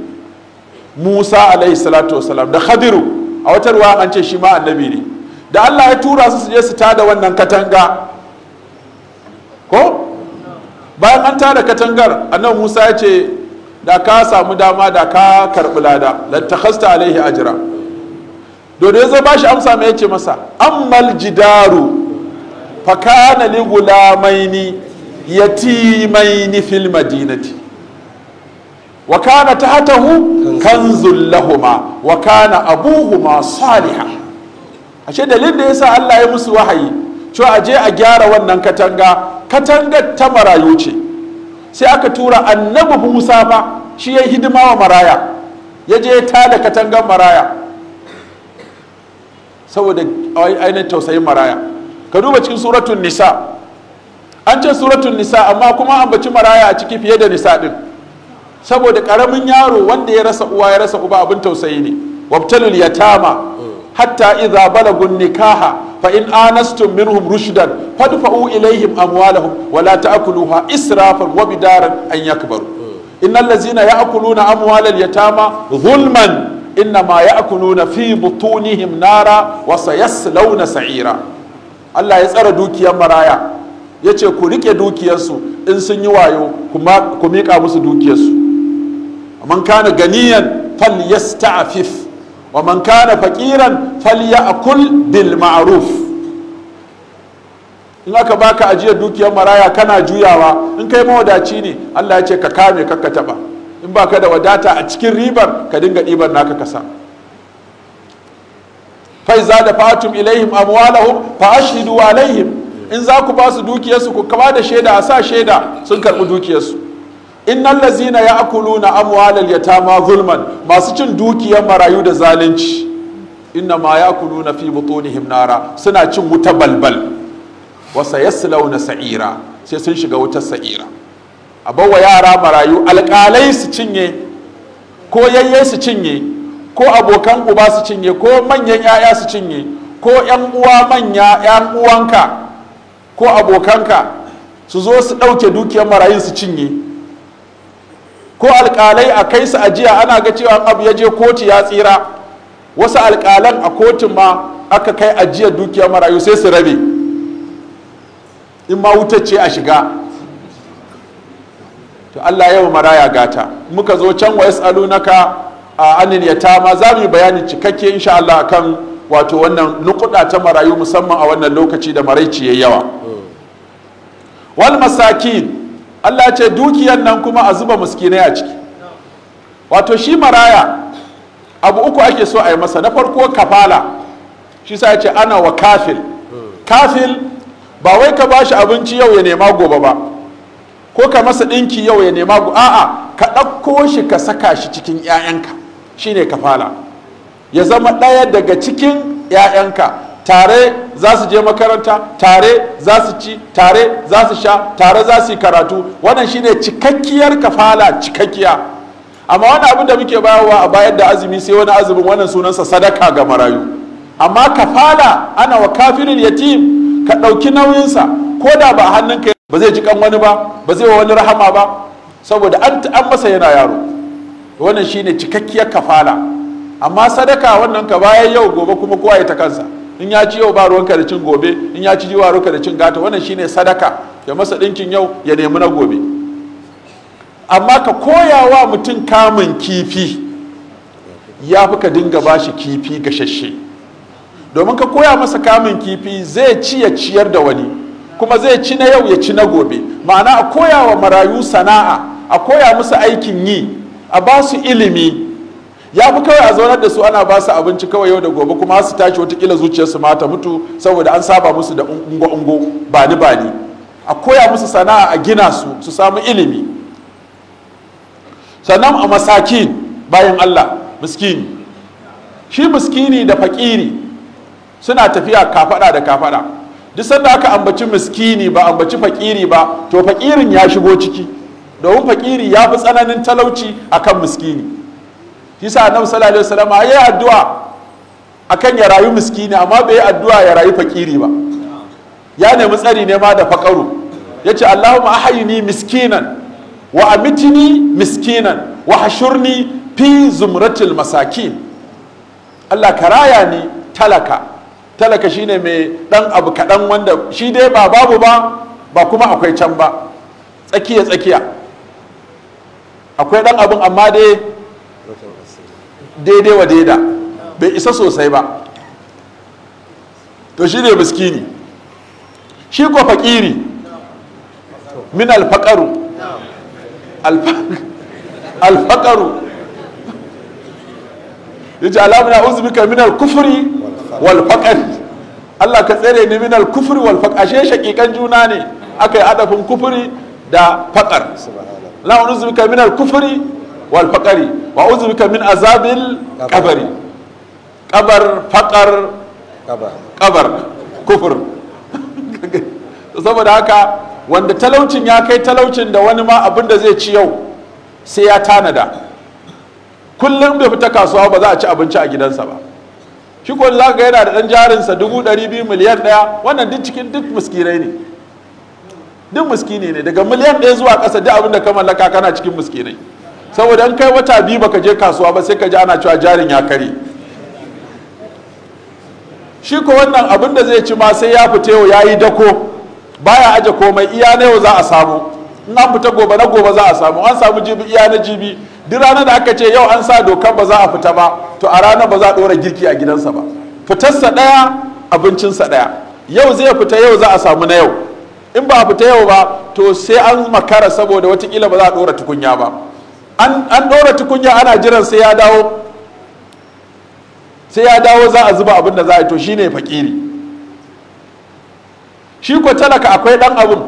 musa alaihi salatu wasallam da khadiru a wata ruwa an ce shi ma annabi ne da allah ya tura su su je su tada wannan katanga ko bayan an tada katangar annabi musa ya ce da ka samu dama da ka karbi lada lattakhasta alaihi ajira dole zai bashi ba shi amsa mai ya ce masa ammal jidaru fakana li gulamaini yatimaini fil madinati wa kana kanzul lahuma wa kana abuhuma salihan ashe dalilin da yasa Allah ya musu wahayi cewa aje a gyara wannan katanga katangar ta marayu ce sai aka tura annabi Musa ba shi ya hidima wa maraya ya je ta da katangan maraya saboda ainihin tausayin maraya ka duba cikin suratun nisa an ce suratun nisa amma kuma an baci maraya a ciki fiye da nisa din saboda karamin yaro wanda ya rasa uwa ya rasa uba abin tausayi ne wabtalul yatama hatta idza balagun nikaha fa in anastum minhum rushdan fadfa'u ilaihim amwalahum wa la ta'kuluha israfan wa bidaran an yakbaru innal ladzina ya'kuluna amwalal yatama zulman innama ya'kuluna fi butunihim nara wa sayaslawna sa'ira Allah ya tsara dukiyar maraya ya ce ku rike dukiyarsu in sun yi wayo ku miƙa musu dukiyarsu man kana ganiyan fal yasta'fif wa man kana faqiran falyakul bil ma'aruf. in aka baka ajiyar dukiyar maraya kana juyawa in kai mawadaci ne Allah ya ce ka kame kakka taba in baka da wadata a cikin ribar ka dinga ɗibar naka ka kasa. faiza da fatum ilaihim amwalahum fa ashhidu alaihim in za ku ba su dukiyarsu ku kama da shaida a sa shaida sun karbi dukiyarsu innal ladzina ya'kuluna amwalal yatama zulman masu cin dukiyar marayu da zalunci inna ma ya'kuluna fi butunihim nara suna cin wuta balbal wa sayaslawna sa'ira sai sun shiga wutar sa'ira a bawa yara marayu alƙalai su cinye ko yayye su cinye ko abokan uba su cinye ko manyan 'ya'ya su cinye ko 'yan uwa manya 'yan uwanka ko abokanka su zo su ɗauke dukiyar marayun su cinye ko alƙalai a kai su ajiya ana ga cewa abu ya je kotu ya tsira wasu alƙalan a kotun ma aka kai ajiyar dukiyar marayu sai su rabe in ma wuta ce a shiga to Allah yau maraya gata muka zo can wa yas'alunaka a anil yatama za mu yi bayani cikakke insha Allah akan wato wannan nukuda ta marayu musamman a wannan lokaci da maraici yayi yawa wal masakin Allah ce dukiyar nan kuma a zuba muskinai a ciki wato shi maraya abu uku ake so a yi masa na farko kafala shi sa ce ana wa kafil kafil ba wai ka ba shi abinci yau ya nema gobe ba ko ka masa ɗinki yau ya nema a'a ka ɗauko shi ka saka shi cikin 'ya'yanka shine kafala ya zama ɗaya daga cikin 'ya'yanka tare za su je makaranta tare za su ci tare za su sha tare za su yi karatu wannan shine cikakkiyar kafala cikakkiya amma wani abin da muke bayarwa a bayar da azumi sai wani azumin wannan sunansa sadaka ga marayu amma kafala ana wa kafirin yatim ka ɗauki nauyinsa ko da ba hannunka ba zai ji kan wani ba ba zai wa wani rahama ba saboda an masa yana yaro wannan shine cikakkiyar kafala amma sadaka wannan ka bayan yau gobe kuma kowa ya ta kansa in ya ci yau ba ruwanka da cin gobe in ya ci jiwa ruwanka da cin gata wannan shine sadaka ya masa ɗinkin yau ya nemi na gobe amma ka koya wa mutum kamun kifi ya fi ka dinga bashi kifi gashashe domin ka koya masa kamun kifi zai ci ya ciyar da wani kuma zai ci na yau ya ci na gobe ma'ana a koya wa marayu sana'a a koya musu aikin yi a ba su ilimi ya fi kawai a zaunar da su ana ba su abinci kawai yau da gobe kuma su tashi watakila zuciyarsu ma ta mutu saboda an saba musu da ungo-ungo ba ni ba ni a koya musu sana'a a gina su su samu ilimi sannan a masakin bayan allah miskini shi miskini da fakiri suna tafiya kafada da kafada duk sanda aka ambaci miskini ba ambaci fakiri ba to fakirin ya shigo ciki domin fakiri ya fi tsananin talauci akan miskini shi sa annabi sallallahu alaihi wasallam ya yi addu'a akan ya rayu miskini amma bai yi addu'a ya rayu fakiri ba ya nemi tsari ne ma da fakaru yace Allahumma ahayini miskinan wa amitini miskinan wa hashurni fi zumratil masakin Allah ka raya ni talaka talaka shine mai dan abu kaɗan wanda shi dai ba babu ba ba kuma akwai can ba tsakiya tsakiya akwai dan abin amma dai daidai wa daida bai isa sosai ba to shi ne miskini shi ko fakiri min alfakaru alfakaru yace alamina uzbika min alkufuri wal Allah ka tsere ni min alkufuri wal faqr ashe shakikan juna ne aka yi adafin kufuri da fakar. la wa nuzbika min wal wa min azabil faƙar kufur saboda haka wanda talaucin ya kai talaucin da wani ma abin da zai ci yau sai ya tanada kullum bai fita kasuwa ba za a ci abinci a gidansa ba shi ko za ga yana da ɗan jarinsa dubu ɗari biyu miliyan ɗaya wannan duk cikin duk muskirai ne duk miskini ne daga miliyan ɗaya zuwa ƙasa duk abin da ka mallaka kana cikin miskinai saboda in kai wata biyu baka je kasuwa ba sai ka ji ana cewa jarin ya kare shi ko wannan abin da zai ci ma sai ya fita yau ya yi dako baya aje komai iya na yau za a samu in an fita gobe na gobe za a samu an samu jibi iya na jibi duk ranar da aka ce yau an sa dokan ba za a fita ba to a ranar ba za a ɗora girki a gidansa ba fitarsa ɗaya abincinsa ɗaya yau zai fita yau za a samu na yau in ba ta yau ba to sai an makara saboda watakila ba za a ɗora tukunya ba an ɗora tukunya ana jiran sai ya dawo sai ya dawo za a zuba abin da za a yi to shine fakiri shi ko talaka akwai ɗan abin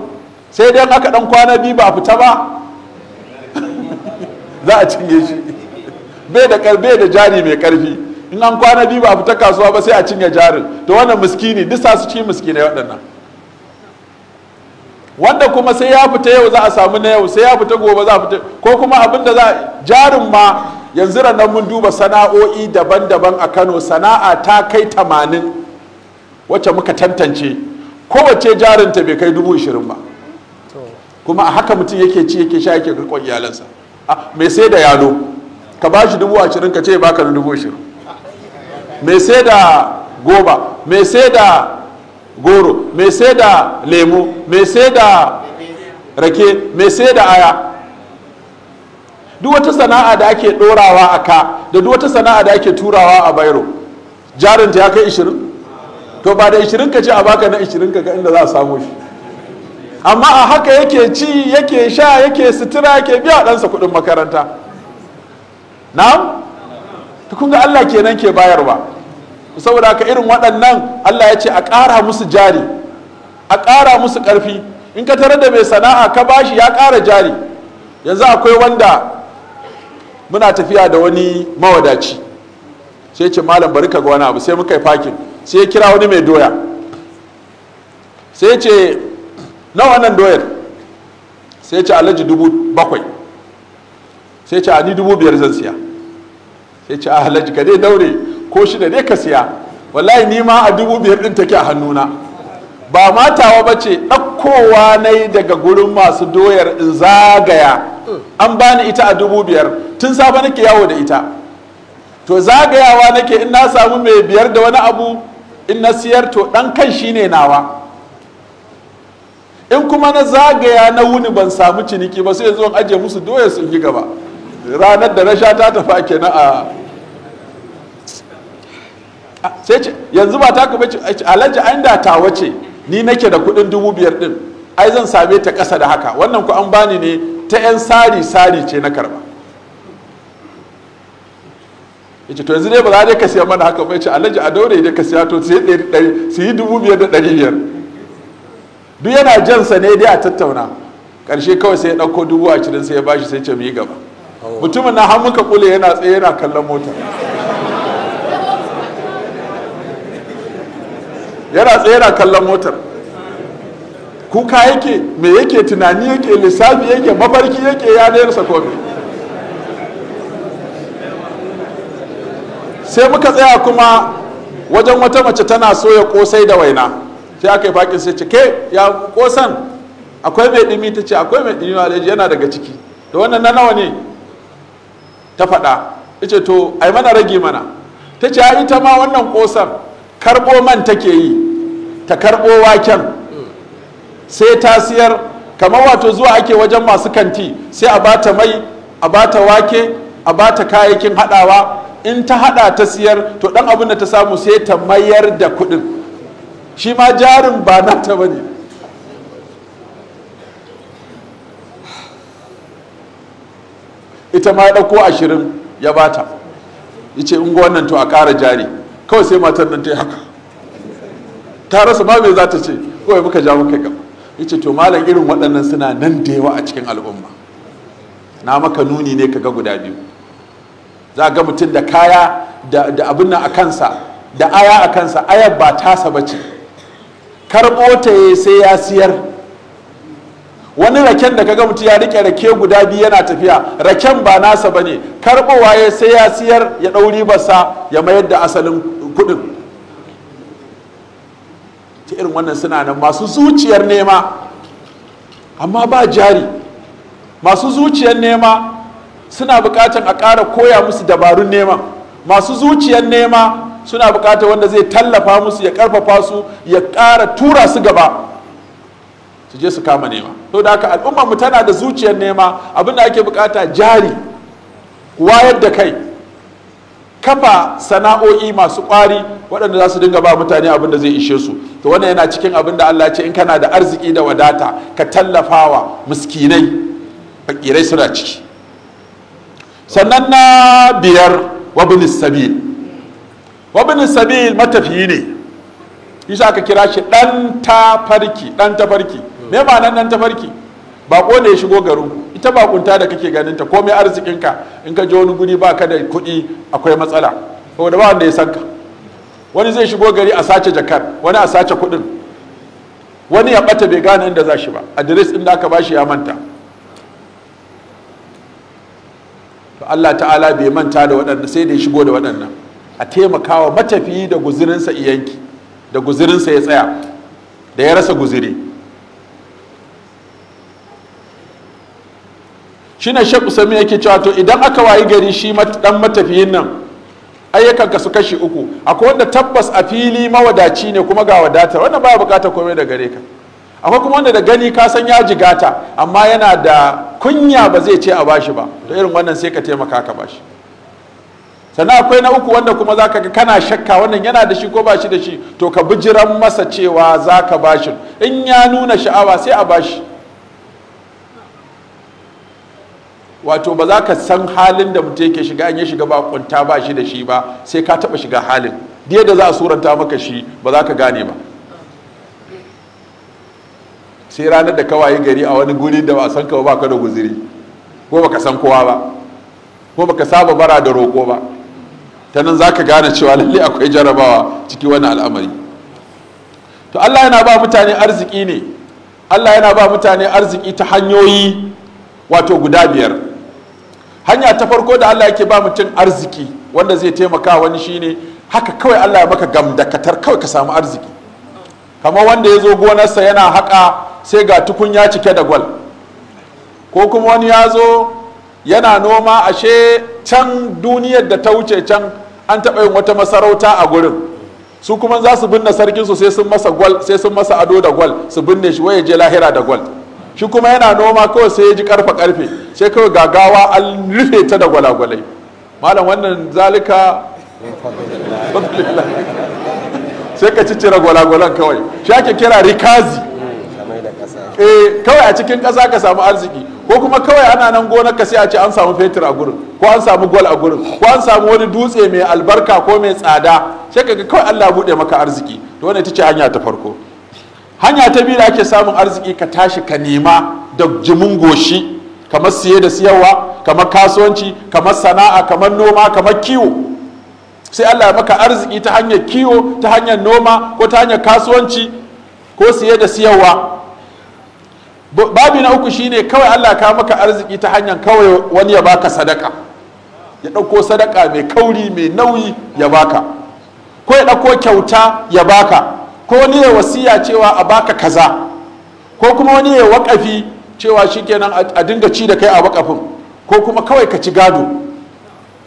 sai dai aka ɗan kwana bi ba a fita ba *laughs* za a cinye shi bai da karbe da jari mai karfi in an kwana biyu ba a fita kasuwa ba sai a cinye jarin to wannan miskini duk sa su ci miskinai waɗannan wanda kuma sai ya fita yau za a samu na yau sai ya fita gobe za a fita ko kuma abin da za a jarin ma yanzu ranar mun duba sana'o'i daban-daban a kano sana'a ta kai tamanin wacce muka tantance kowace jarinta bai kai dubu ishirin ba kuma a haka mutum yake ci yake sha yake rikon iyalansa mai sai da yalo ka ba shi dubu ashirin ka ce ba ka dubu ashirin mai sai da goba mai sai da goro mai sai da lemo mai sai da rake mai sai da aya duk wata sana'a da ake dorawa a ka da duk wata sana'a da ake turawa a bairo jarinta ya kai 20 to ba da 20 ka ce a baka na 20 ka ga inda za a samu shi amma a haka yake ci yake sha yake sutura yake biya ɗansa kuɗin makaranta na? kun ga Allah kenan ke bayarwa saboda haka irin waɗannan Allah ya ce a ƙara musu jari a ƙara musu ƙarfi in ka tare da mai sana'a ka bashi ya ƙara jari yanzu akwai wanda muna tafiya da wani mawadaci sai ce malam bari ka ga wani abu sai muka yi fakin sai ya kira wani mai doya sai ce na wannan doyar sai ce alhaji dubu bakwai sai ce a ni dubu biyar zan siya sai ce a alhaji ka dai daure ko shida ne ka siya wallahi ni ma a dubu biyar ɗin take a hannuna ba matawa ba ce ɗaukowa na yi daga gurin masu doyar in zagaya an bani ita a dubu biyar tun safe nake yawo da ita to zagayawa nake in na samu mai biyar da wani abu in na siyar to ɗan kan shi ne nawa in kuma na zagaya na wuni ban samu ciniki ba sai zo in ajiye musu doyar su yi gaba ranar da na sha ta tafa kenan a sai ce yanzu ba kuma ce alhaji an da ta wace ni nake da kuɗin dubu biyar din ai zan same ta ƙasa da haka wannan ku an bani ne ta 'yan sari sari ce na karba yace to yanzu dai ba za dai ka siya mana haka ba ce alhaji a daure dai ka siya to sai ɗari su yi dubu biyar da ɗari biyar duk yana jan sa ne dai a tattauna karshe kawai sai ya ɗauko dubu ashirin sai ya bashi sai ce mu yi gaba oh. mutumin na har muka kule yana tsaye yana kallon mota yana tsaye yana kallon motar kuka yake me yake tunani yake lissafi yake mafarki yake ya daina kome sai muka tsaya kuma wajen wata mace tana soya kosai da waina sai aka yi fakin sai cike ya kosan akwai mai dimi ta ce akwai mai dimi alaji yana daga ciki da wannan na nawa ne ta faɗa ita to ai mana rage mana ta ce ita ma wannan kosan karbo man take yi ta karbo waken sai ta siyar kamar wato zuwa ake wajen masu kanti sai a bata mai a bata wake a bata kayayyakin hadawa in ta hada ta siyar to dan abin da ta samu sai ta mayar da kudin shi ma jarin ba nata bane ita ma ya dauko ashirin ya bata yace in wannan to a kara jari kawai sai matar nan ta yi haka ta rasa ma me za ta ce kawai muka ja muka gaba yace to malam irin waɗannan suna nan da yawa a cikin al'umma na maka nuni ne kaga guda biyu za ga mutum da kaya da abin nan a kansa da aya a kansa ayar ba tasa ba ce karɓo ta yi sai ya siyar wani raken da kaga mutum ya rike rake guda biyu yana tafiya raken ba nasa bane karɓowa ya sai ya siyar ya ɗauri sa ya mayar da asalin kuɗin ta irin wannan suna nan masu zuciyar nema amma ba jari masu zuciyar nema suna bukatan a ƙara koya musu dabarun nema masu zuciyar nema suna buƙatar wanda zai tallafa musu ya karfafa su ya ƙara tura su gaba su je su kama nema to da haka al'ummar mu tana da zuciyar nema abin da ake bukata jari wayar da kai kafa sana'o'i masu ƙwari waɗanda za su dinga ba mutane abin da zai ishe su to wannan yana cikin abin da Allah ce in kana da arziki da wadata ka tallafawa miskinai fakirai suna ciki sannan na biyar wabin sabil wabin sabil matafiyi ne isa aka kira shi ɗan tafarki ɗan tafarki me ma'anar ɗan tafarki bako ne ya shigo garin ita bakunta da kake ganin ta komai arzikinka in ka je wani guri ba ka da kuɗi akwai matsala saboda ba wanda ya sanka wani zai shigo gari a sace jakar wani a sace kuɗin wani ya bata bai gane inda za shi ba adres inda aka bashi ya manta to Allah ta'ala bai manta da waɗannan sai da ya shigo da waɗannan a taimakawa matafiyi da guzirinsa iyanki da guzirinsa ya tsaya da ya rasa guziri shine shek usami yake cewa to idan aka wayi gari shi dan matafiyin nan ayyukan ka su kashi uku akwai wanda tabbas a fili mawadaci ne kuma ga wadatar wannan baya bukatar komai da gare ka akwai kuma wanda da gani ka san ya jigata amma yana da kunya ba zai ce a bashi ba to irin wannan sai ka taimaka ka bashi sannan akwai na uku wanda kuma zaka ga kana shakka wannan yana da shi ko ba shi da shi to ka bijiran masa cewa zaka bashi in ya nuna sha'awa sai a bashi wato ba za ka san halin da mutum yake shiga in ya shiga ba kunta ba shi da shi ba sai ka taba shiga halin jiya da za a suranta maka shi ba za ka gane ba sai ranar da kawaye gari a wani guri da ba san ka ba ka da guziri ko baka san kowa ba ko baka saba bara da roko ba ta nan za ka gane cewa lalle akwai jarabawa ciki wani al'amari to allah yana ba mutane arziki ne allah yana ba mutane arziki ta hanyoyi wato guda biyar hanya ta farko da Allah yake ba mutum arziki wanda zai taimaka wani shine haka kawai Allah ya maka gamdakatar kawai ka samu arziki kamar wanda ya zo gonarsa yana haka sai ga tukunya cike da gwal ko kuma wani ya zo yana noma ashe can duniyar da ta wuce can an taɓa yin wata masarauta a gurin su kuma za su binne sarkinsu sai masa gwal sai sun masa ado da gwal su binne shi waye je lahira da gwal shi kuma yana noma kawai sai ya ji karfa karfe sai kawai gagawa an rufe ta da gwalagwalai malam wannan zalika sai ka ciccire gwalagwalan kawai shi ake kira rikazi eh kawai a cikin ƙasa ka samu arziki ko kuma kawai ana nan gonar ka sai a ce an samu fetur a gurin ko an samu gwal a gurin ko an samu wani dutse mai albarka ko mai tsada sai ka ga kawai Allah bude maka arziki to wannan ita ce hanya ta farko hanya ta biyu da ake samun arziki ka tashi ka nema da jimin goshi kamar siye da siyarwa kamar kasuwanci kamar sana'a kamar noma kamar kiwo sai allah ya maka arziki ta hanyar kiwo ta hanyar noma ko ta hanyar kasuwanci ko siye da siyarwa babi na uku shine kawai allah ka maka arziki ta hanyar kawai wani ya baka sadaka ya ɗauko sadaka mai kauri mai nauyi ya baka ko ya ɗauko kyauta ya baka ko wani ya wasiya cewa a baka kaza ko kuma wani ya wakafi cewa shikenan a dinga ci da kai a wakafin ko kuma kawai ka ci gado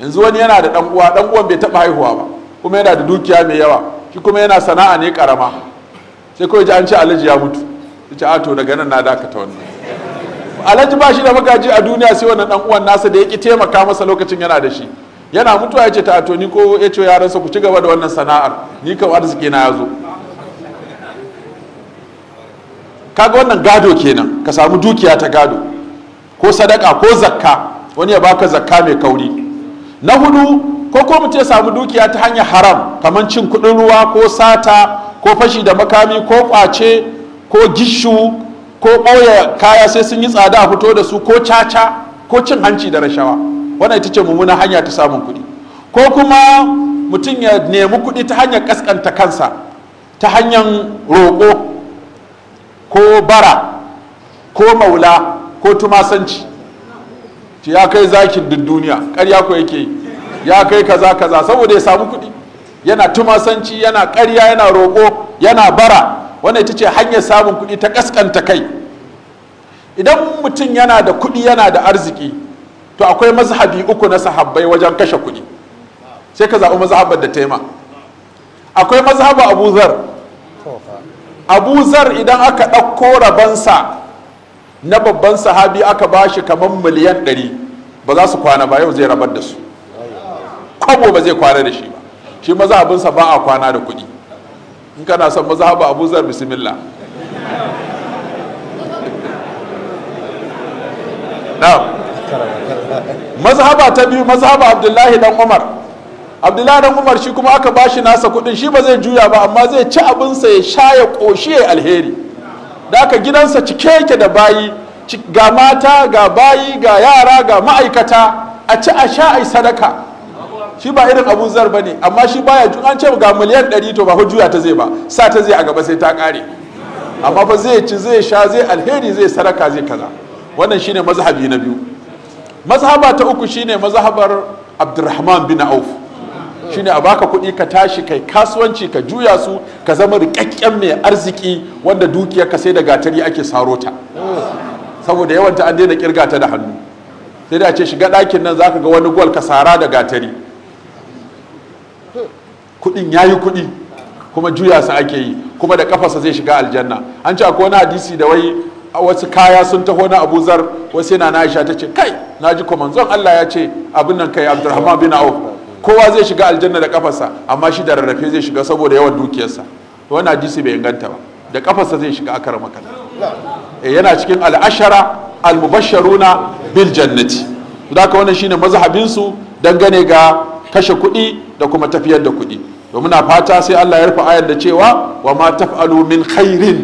yanzu wani yana da dan uwa dan uwan bai taba haihuwa ba kuma yana da dukiya mai yawa shi kuma yana sana'a ne karama sai kawai ji an ce alhaji ya mutu ce a to daga nan na dakata wannan alhaji ba shi da magaji a duniya sai wannan dan uwan nasa da ya ki taimaka masa lokacin yana da shi yana mutuwa ya ce ta to ni ko ya ce yaransa ku ci gaba da wannan sana'ar ni kawai arziki na ya zo kaga wannan gado kenan ka samu dukiya ta gado ko sadaka ko zakka wani ya baka zakka mai kauri na hudu ko ko mutum ya samu dukiya ta hanyar haram kamar cin kudin ruwa ko sata ko fashi da makami ko kwace ko gishu ko ɓauye kaya sai sun yi tsada a fito da su ko caca ko cin hanci da rashawa wannan ita ce mummunan hanya ta samun kuɗi ko kuma mutum ya nemi kuɗi ta hanyar ƙasƙanta kansa ta hanyar roƙo ko bara ko maula ko tumasanci ce ya kai zakin duk duniya ƙarya ko yake ya kai kaza kaza saboda ya samu kuɗi yana tumasanci yana ƙarya yana roƙo yana bara wannan ita ce hanyar samun kuɗi ta ƙasƙanta kai idan mutum yana da kuɗi yana da arziki to akwai mazhabi uku na sahabbai wajen kashe kuɗi sai ka zaɓi mazhabar da taima akwai mazhabar abu zar abu zar idan aka ɗauko rabansa na babban sahabi aka ba shi kamar miliyan ɗari ba za su kwana ba yau zai rabar da su kwabo ba zai kwana da shi ba shi maza abinsa ba a kwana da kuɗi in kana son maza haɓa abu zar bismillah mazhaba ta biyu mazhaba abdullahi dan umar abdullahi dan umar shi kuma aka bashi nasa kuɗin shi ba zai juya ba amma zai ci abinsa ya sha ya ƙoshi ya alheri da aka gidansa cike yake da bayi ga mata ga bayi ga yara ga ma'aikata a ci a sha a sadaka shi ba irin abun zar ne amma shi baya an ce ga miliyan ɗari to ba juya ta zai ba sa ta zai a gaba sai ta kare amma fa zai ci zai sha zai alheri zai sadaka zai kaza wannan shine mazhabi na biyu mazhaba ta uku shine mazhabar abdurrahman bin auf shine a baka kuɗi ka tashi kai kasuwanci ka juya su ka zama rikakken mai arziki wanda dukiyar ka sai da gatari ake saro ta saboda ta an daina kirga ta da hannu sai da ce shiga ɗakin nan zaka ga wani gwal ka sara da gatari kuɗin yayi kuɗi kuma juya su ake yi kuma da kafasa zai shiga aljanna an ce akwai wani hadisi da wai wasu kaya sun taho na abu zar wasu yana na aisha ta ce kai na ji kuma allah ya ce abin nan kai abdulrahman bin auf kowa zai shiga aljanna da kafarsa amma shi da rarrafe zai shiga saboda yawan dukiyarsa to wannan hadisi bai inganta ba da kafarsa zai shiga akara makana eh, yana cikin al'ashara al-mubashsharuna bil jannati da haka wannan shine mazhabin su dangane ga kashe kuɗi da kuma tafiyar da kuɗi to muna fata sai Allah ya rufe ayar da cewa wa ma taf'alu min khairin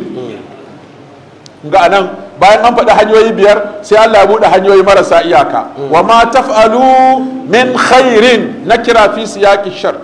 ga anan bayan an faɗi hanyoyi biyar sai Allah ya buɗe hanyoyi marasa iyaka mm. wa ma taf'alu min khairin na kira fi siyaqi shar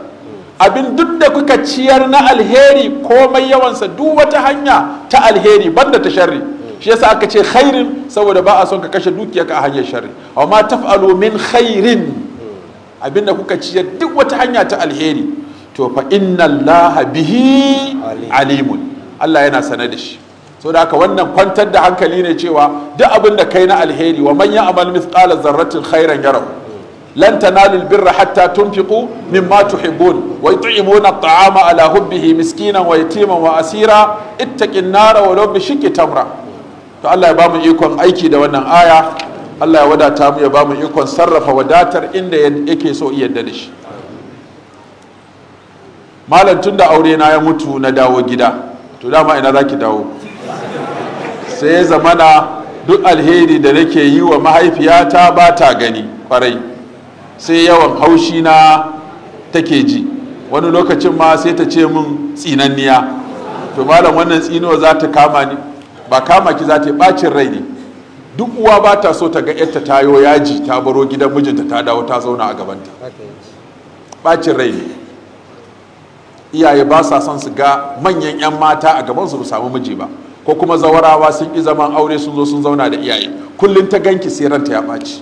abin duk da kuka ciyar na alheri komai yawansa duk wata hanya ta alheri banda ta sharri mm. shi yasa aka ce khairin saboda ba a son ka kashe ka a hanyar sharri wa ma taf'alu min khairin mm. abin da kuka ciyar duk wata hanya ta alheri to fa inna allaha bihi alimun Allah yana sanar da shi so da haka wannan kwantar da hankali ne cewa duk abin da kai na alheri wa manya ya'mal mithqala zarratin khairan yarahu lan tanalu albirra hatta tunfiqu mimma tuhibbun wa yut'imuna at'ama ala hubbihi miskinan wa yatiman wa asira ittaqin nara wa law bi tamra to Allah ya bamu ikon aiki da wannan aya Allah ya wadata mu ya bamu ikon sarrafa wadatar inda yake so yadda da shi malam tunda aure na ya mutu na dawo gida to dama ina zaki dawo sai zamana duk alheri da nake yi wa mahaifiyata ba ta gani kwarai sai yawan haushi na take ji wani lokacin ma sai ta ce min tsinanniya to malam wannan tsinuwa za ta kama ni ba kama ki za ta yi bacin rai ne duk uwa ba ta so ta ga yadda ta yo yaji ta baro gidan mijinta ta dawo ta zauna a gabanta bacin rai ne iyaye ba sa son su ga manyan 'yan mata a gabansu su samu miji ba ko kuma zawarawa sun ƙi zaman aure sun zo sun zauna da iyaye kullum ta ganki sai ranta ya ɓaci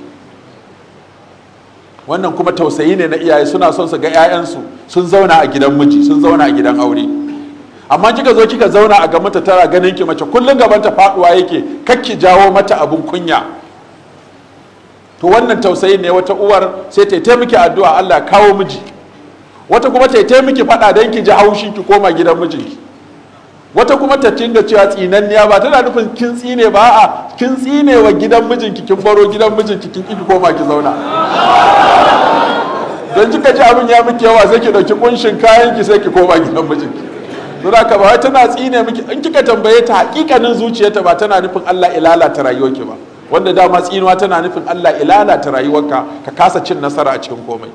wannan kuma tausayi ne na iyaye suna son su ga 'ya'yansu sun zauna a gidan miji sun zauna a gidan aure amma kika zo kika zauna a gaban ta tara ganin ki mace kullum gaban ta faduwa yake kakki jawo mata abun kunya to wannan tausayi ne wata uwar sai ta taimaki miki addu'a Allah kawo miji wata kuma ta taimaki miki fada dan ki ji haushin ki koma gidan mijinki wata kuma ta dinga cewa tsinanniya ba tana nufin kin tsine ba a kin tsine wa gidan mijinki kin baro gidan mijinki kin ki koma ki zauna don kika ji abin ya miki yawa sai ki dauki kunshin kayan ki sai ki koma gidan mijinki don haka ba wai tana tsine miki in kika tambaye ta hakikanin zuciyarta ba tana nufin Allah ilala ta rayuwarki ba wanda dama tsinuwa tana nufin Allah ilala ta rayuwarka ka kasa cin nasara a cikin komai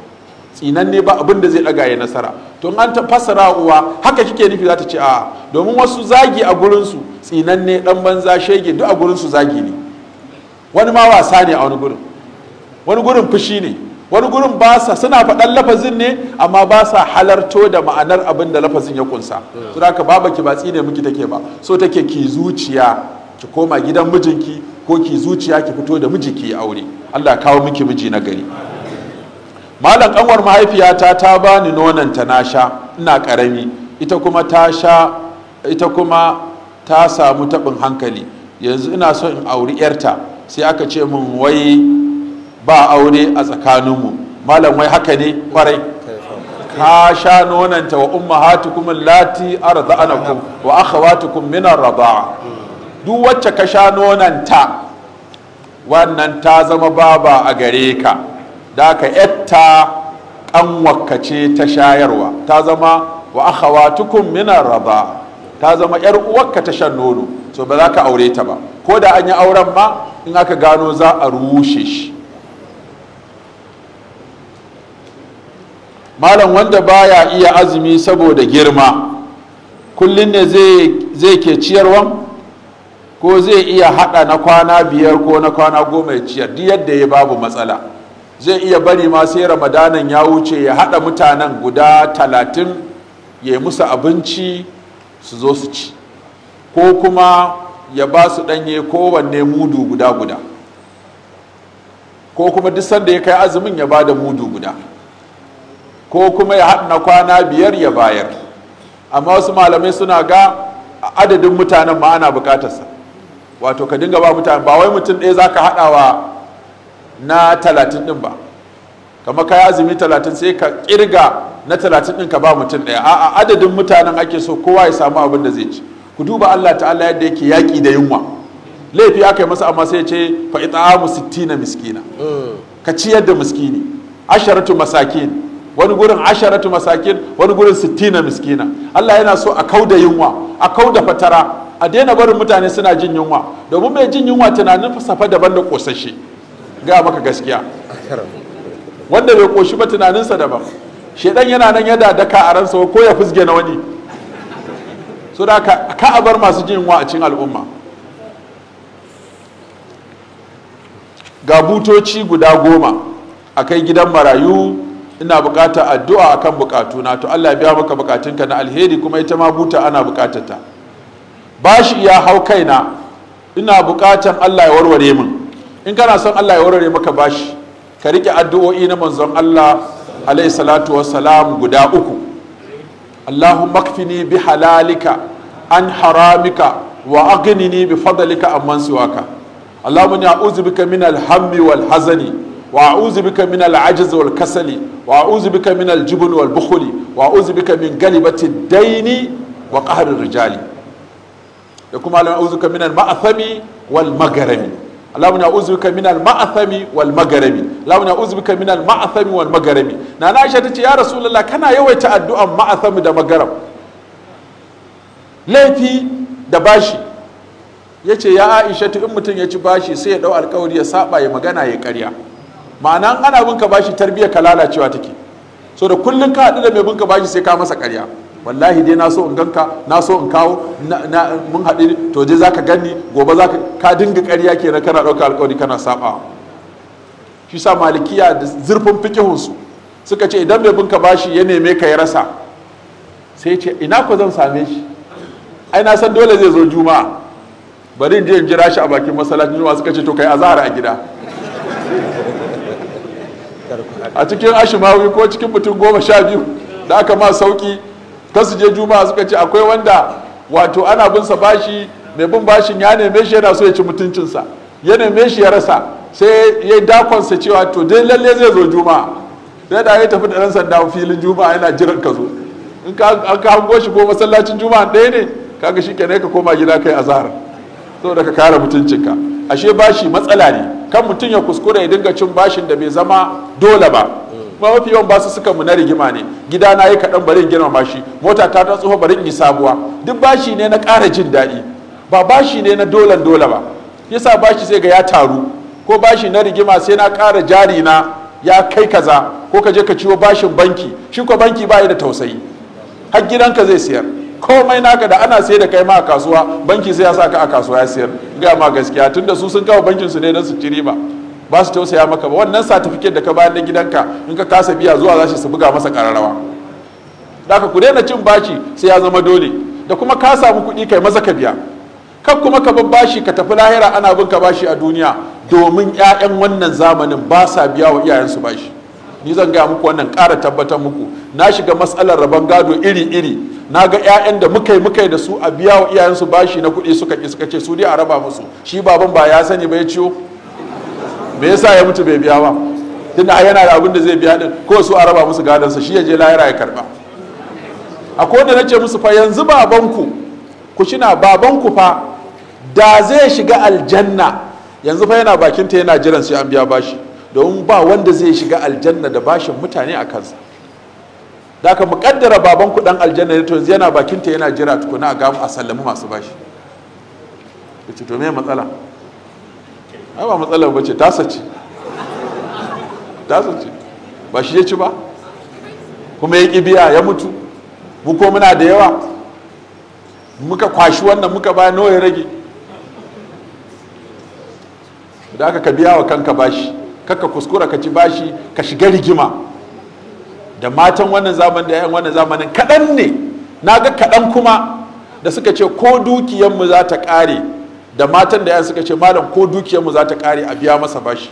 ne ba abin da zai daga ya nasara to an ta fasara uwa haka kike nufi zata ce a domin wasu zagi a gurinsu ne dan banza shege duk a gurinsu zagi ne wani ma wasa ne a wani gurin wani gurin fushi ne wani gurin ba sa suna faɗan lafazin ne amma ba sa halarto da ma'anar abin da lafazin ya kunsa su ka baba ki ba tsine miki take ba so take ki zuciya ki koma gidan mijinki ko ki zuciya ki fito da miji ki aure Allah kawo miki miji na gari malam kanwar mahaifiyata ta bani nonanta na sha ina karami ita kuma ta sha ita kuma ta samu taɓin hankali yanzu ina so in auri yarta sai aka ce min wai ba aure a tsakaninmu malam wai haka ne kwarai ka sha nonanta wa ummahatukum lati arza'anakum wa akhawatukum min ar duk wacce ka sha nonanta wannan ta zama baba a gare ka da ka ta kanwarka ce ta shayarwa ta zama wa akhawatukum minar raba ta zama yar uwarka ta shan nono so ba za ka aure ta ba ko da an yi auren ma in aka gano za a rushe shi malam wanda baya iya azumi saboda girma kullum ne zai ke ciyarwan ko zai iya hada na kwana biyar ko na kwana goma ya ciyar duk yadda ya babu matsala zai iya bari ma sai ramadanan ya wuce ya haɗa mutanen guda talatin ya yi musu abinci su zo su ci ko kuma ya ba su danye kowanne mudu guda guda ko kuma duk sanda ya kai azumin ya ba da mudu guda ko kuma ya haɗa na kwana biyar ya bayar amma wasu malamai suna ga adadin mutanen ma ana bukatarsa wato ka dinga ba mutane ba wai mutum ɗaya za ka haɗawa na talatin din ba kama ka azumi talatin sai ka kirga na talatin din ka ba mutum ɗaya a adadin mutanen ake so kowa ya samu abin da zai ci ku duba allah ta'ala yadda yake yaƙi da yunwa laifi aka yi masa amma sai ce fa it'amu sittina miskina ka ciyar da miskini asharatu masakin wani gurin asharatu masakin wani gurin sittina miskina Allah yana so a kau da yunwa a kau da fatara a daina barin mutane suna jin yunwa domin mai jin yunwa tunanin fasafa daban da kosashe ga maka gaskiya wanda bai koshi ba tunaninsa daban shedan yana nan yada dadaka a ransa ko ya fusge na wani so da ka a bar masu jin wa a cikin al'umma ga butoci guda goma a kai gidan marayu ina bukata addu'a akan bukatuna to Allah ya biya maka bukatunka na alheri kuma ita ma buta ana bukatata bashi ya hau kaina ina bukatan Allah ya warware min in kana son Allah ya warware maka bashi ka rike addu'o'i na manzon Allah alaihi salatu wassalam guda uku Allahumma kfini bi halalika an haramika wa aghnini bi fadlika amman siwaka Allahumma inni a'udhu bika min alhammi hammi wal hazani wa a'udhu bika min al wal kasali wa a'udhu bika min al-jubn wal bukhli wa a'udhu bika min galibati daini wa qahri ar-rijali da kuma a'udhu bika min al-ma'thami wal magharami Allahumma na'uzuka min al-ma'athami wal magharibi Allahumma na'uzuka min maathami wal na na Aisha tace ya Rasulullah kana yawaita addu'an ma'athami da magaram. laifi da bashi yace ya Aisha in mutum ya ci bashi sai ya dau alƙawari ya saba ya magana ya ƙarya ma'anan ana binka bashi tarbiya ka lalacewa take so da kullun ka haɗu da mai binka bashi sai ka masa ƙarya wallahi dai na so in ganka na so in kawo mun haɗe to je ka gani gobe zaka ka dinga ƙarya kenan kana ɗauka alƙawari kana saba shi sa malikiya da zurfin fikihunsu suka ce idan bai bin ka bashi ya neme ka ya rasa sai ce ina ko zan same shi ai na san dole zai zo juma'a bari in je in jira shi a bakin masallacin juma'a suka ce to kai azhar a gida a cikin ashimawi ko cikin mutum goma sha biyu da aka ma sauki ta su je juma'a suka ce akwai wanda wato ana bin sa bashi mai bin bashin ya neme shi yana so ya ci mutuncinsa ya neme shi ya rasa sai ya dakonsa cewa to dai lalle zai zo juma'a sai da ya tafi da ran sanda filin juma'a yana jiran ka zo in ka an ka hango shi ko masallacin juma'a ɗaya ne kaga shi kenan ka koma gida kai azhar saboda ka kare mutuncinka ashe bashi matsala ne kan mutum ya kuskure ya dinga cin bashin da bai zama dole ba mafi yawan basu suka mu na rigima ne gida na yi kaɗan bari in girmama shi mota ta ta tsoho bari in yi sabuwa duk bashi ne na ƙara jin daɗi ba bashi ne na dolan dole ba yasa bashi sai ga ya taru ko bashi na rigima sai na ƙara jari na ya kai kaza ko ka je ka ciwo bashin banki shi ko banki ba da tausayi har gidanka zai siyar komai naka da ana sai da kai ma a kasuwa banki sai ya sa ka a kasuwa ya siyar ga ma gaskiya tunda su sun kawo bankin su ne don su ci riba ba su tausaya maka ba wannan satifiket da ka bayar da gidanka in ka kasa biya zuwa za su buga masa kararrawa daga ku daina cin bashi sai ya zama dole da kuma ka samu kuɗi kai maza ka biya kan kuma ka bar bashi ka tafi lahira ana bin ka bashi a duniya domin 'ya'yan wannan zamanin ba sa biya wa iyayensu bashi ni zan gaya muku wannan ƙara tabbatar muku na shiga matsalar rabon gado iri-iri na ga 'ya'yan da muka yi muka yi da su a biya wa iyayensu bashi na kuɗi suka ƙi ce su dai a raba musu shi baban ba ya sani ba ya ciwo me yasa ya mutu bai biya ba tunda ai yana da abin da zai biya din ko su araba musu gadon sa shi ya je lahira ya karba a ko da nace musu fa yanzu babanku ku shina babanku fa da zai shiga aljanna yanzu fa yana bakin ta yana jiran sai an biya bashi domin ba wanda zai shiga aljanna da bashin mutane a kansa da aka mukaddara babanku dan aljanna ne to yanzu yana bakin ta yana jira tukuna a gamu a sallami masu bashi to me matsala ai ba matsalar ba ce tasa ce tasa ce ba shi ya ci ba kuma ya biya ya mutu mu ko muna da yawa muka kwashi wannan muka ba nawa ya rage da aka ka biya wa kanka bashi kakka kuskura ka ci bashi ka shiga rigima da matan wannan zamanin da 'yan wannan zamanin kaɗan ne na ga kaɗan kuma da suka ce ko dukiyanmu za ta ƙare da matan da yan suka ce malam ko dukiyarmu za ta kare a biya masa bashi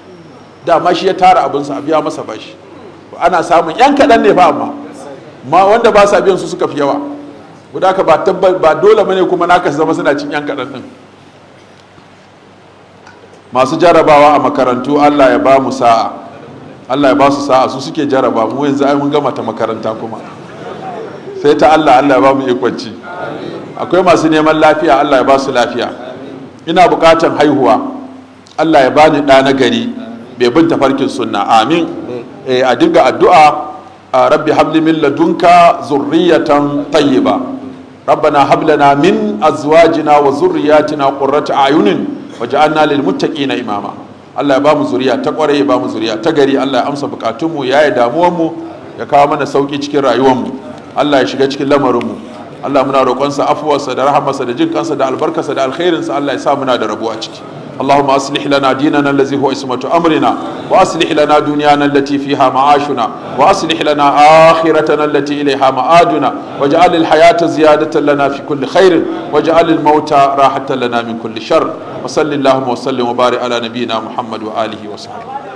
dama shi ya tara abinsa a biya masa bashi ana samun yan kaɗan ne ba amma ma wanda ba sa biyan su suka fi yawa guda ka ba tabbas ba dole bane kuma naka zama suna cin yan kaɗan din masu jarabawa a makarantu Allah ya ba mu sa'a Allah ya ba su sa'a su suke jaraba mu yanzu ai mun gama ta makaranta kuma sai ta Allah Allah ya ba mu ikwanci akwai masu neman lafiya Allah ya ba su lafiya ina bukatan haihuwa allah ya bani ɗa na gari bai bin tafarkin sunna amin eh, a dinga addu'a rabbi habli min ladunka zurriyatan na rabbana hablana min jina wa zurriyatina waje ayunin waj'alna lil na imama Allah ya ba mu zuriya ta kware ya ba mu zuriya ta gari Allah ya amsa bukatunmu ya yi damuwanmu ya kawo mana sauki cikin rayuwanmu Allah ya shiga cikin lamarinmu Allah muna roƙonsa afuwarsa da rahamarsa da jin kansa da albarkarsa da alkhairinsa Allah ya sa muna da rabo a ciki اللهم أصلح لنا ديننا الذي هو اسمة أمرنا وأصلح لنا دنيانا التي فيها معاشنا وأصلح لنا آخرتنا التي إليها مآدنا واجعل الحياة زيادة لنا في كل خير واجعل الموت راحة لنا من كل شر وصل اللهم وسلم وبارك على نبينا محمد وآله وصحبه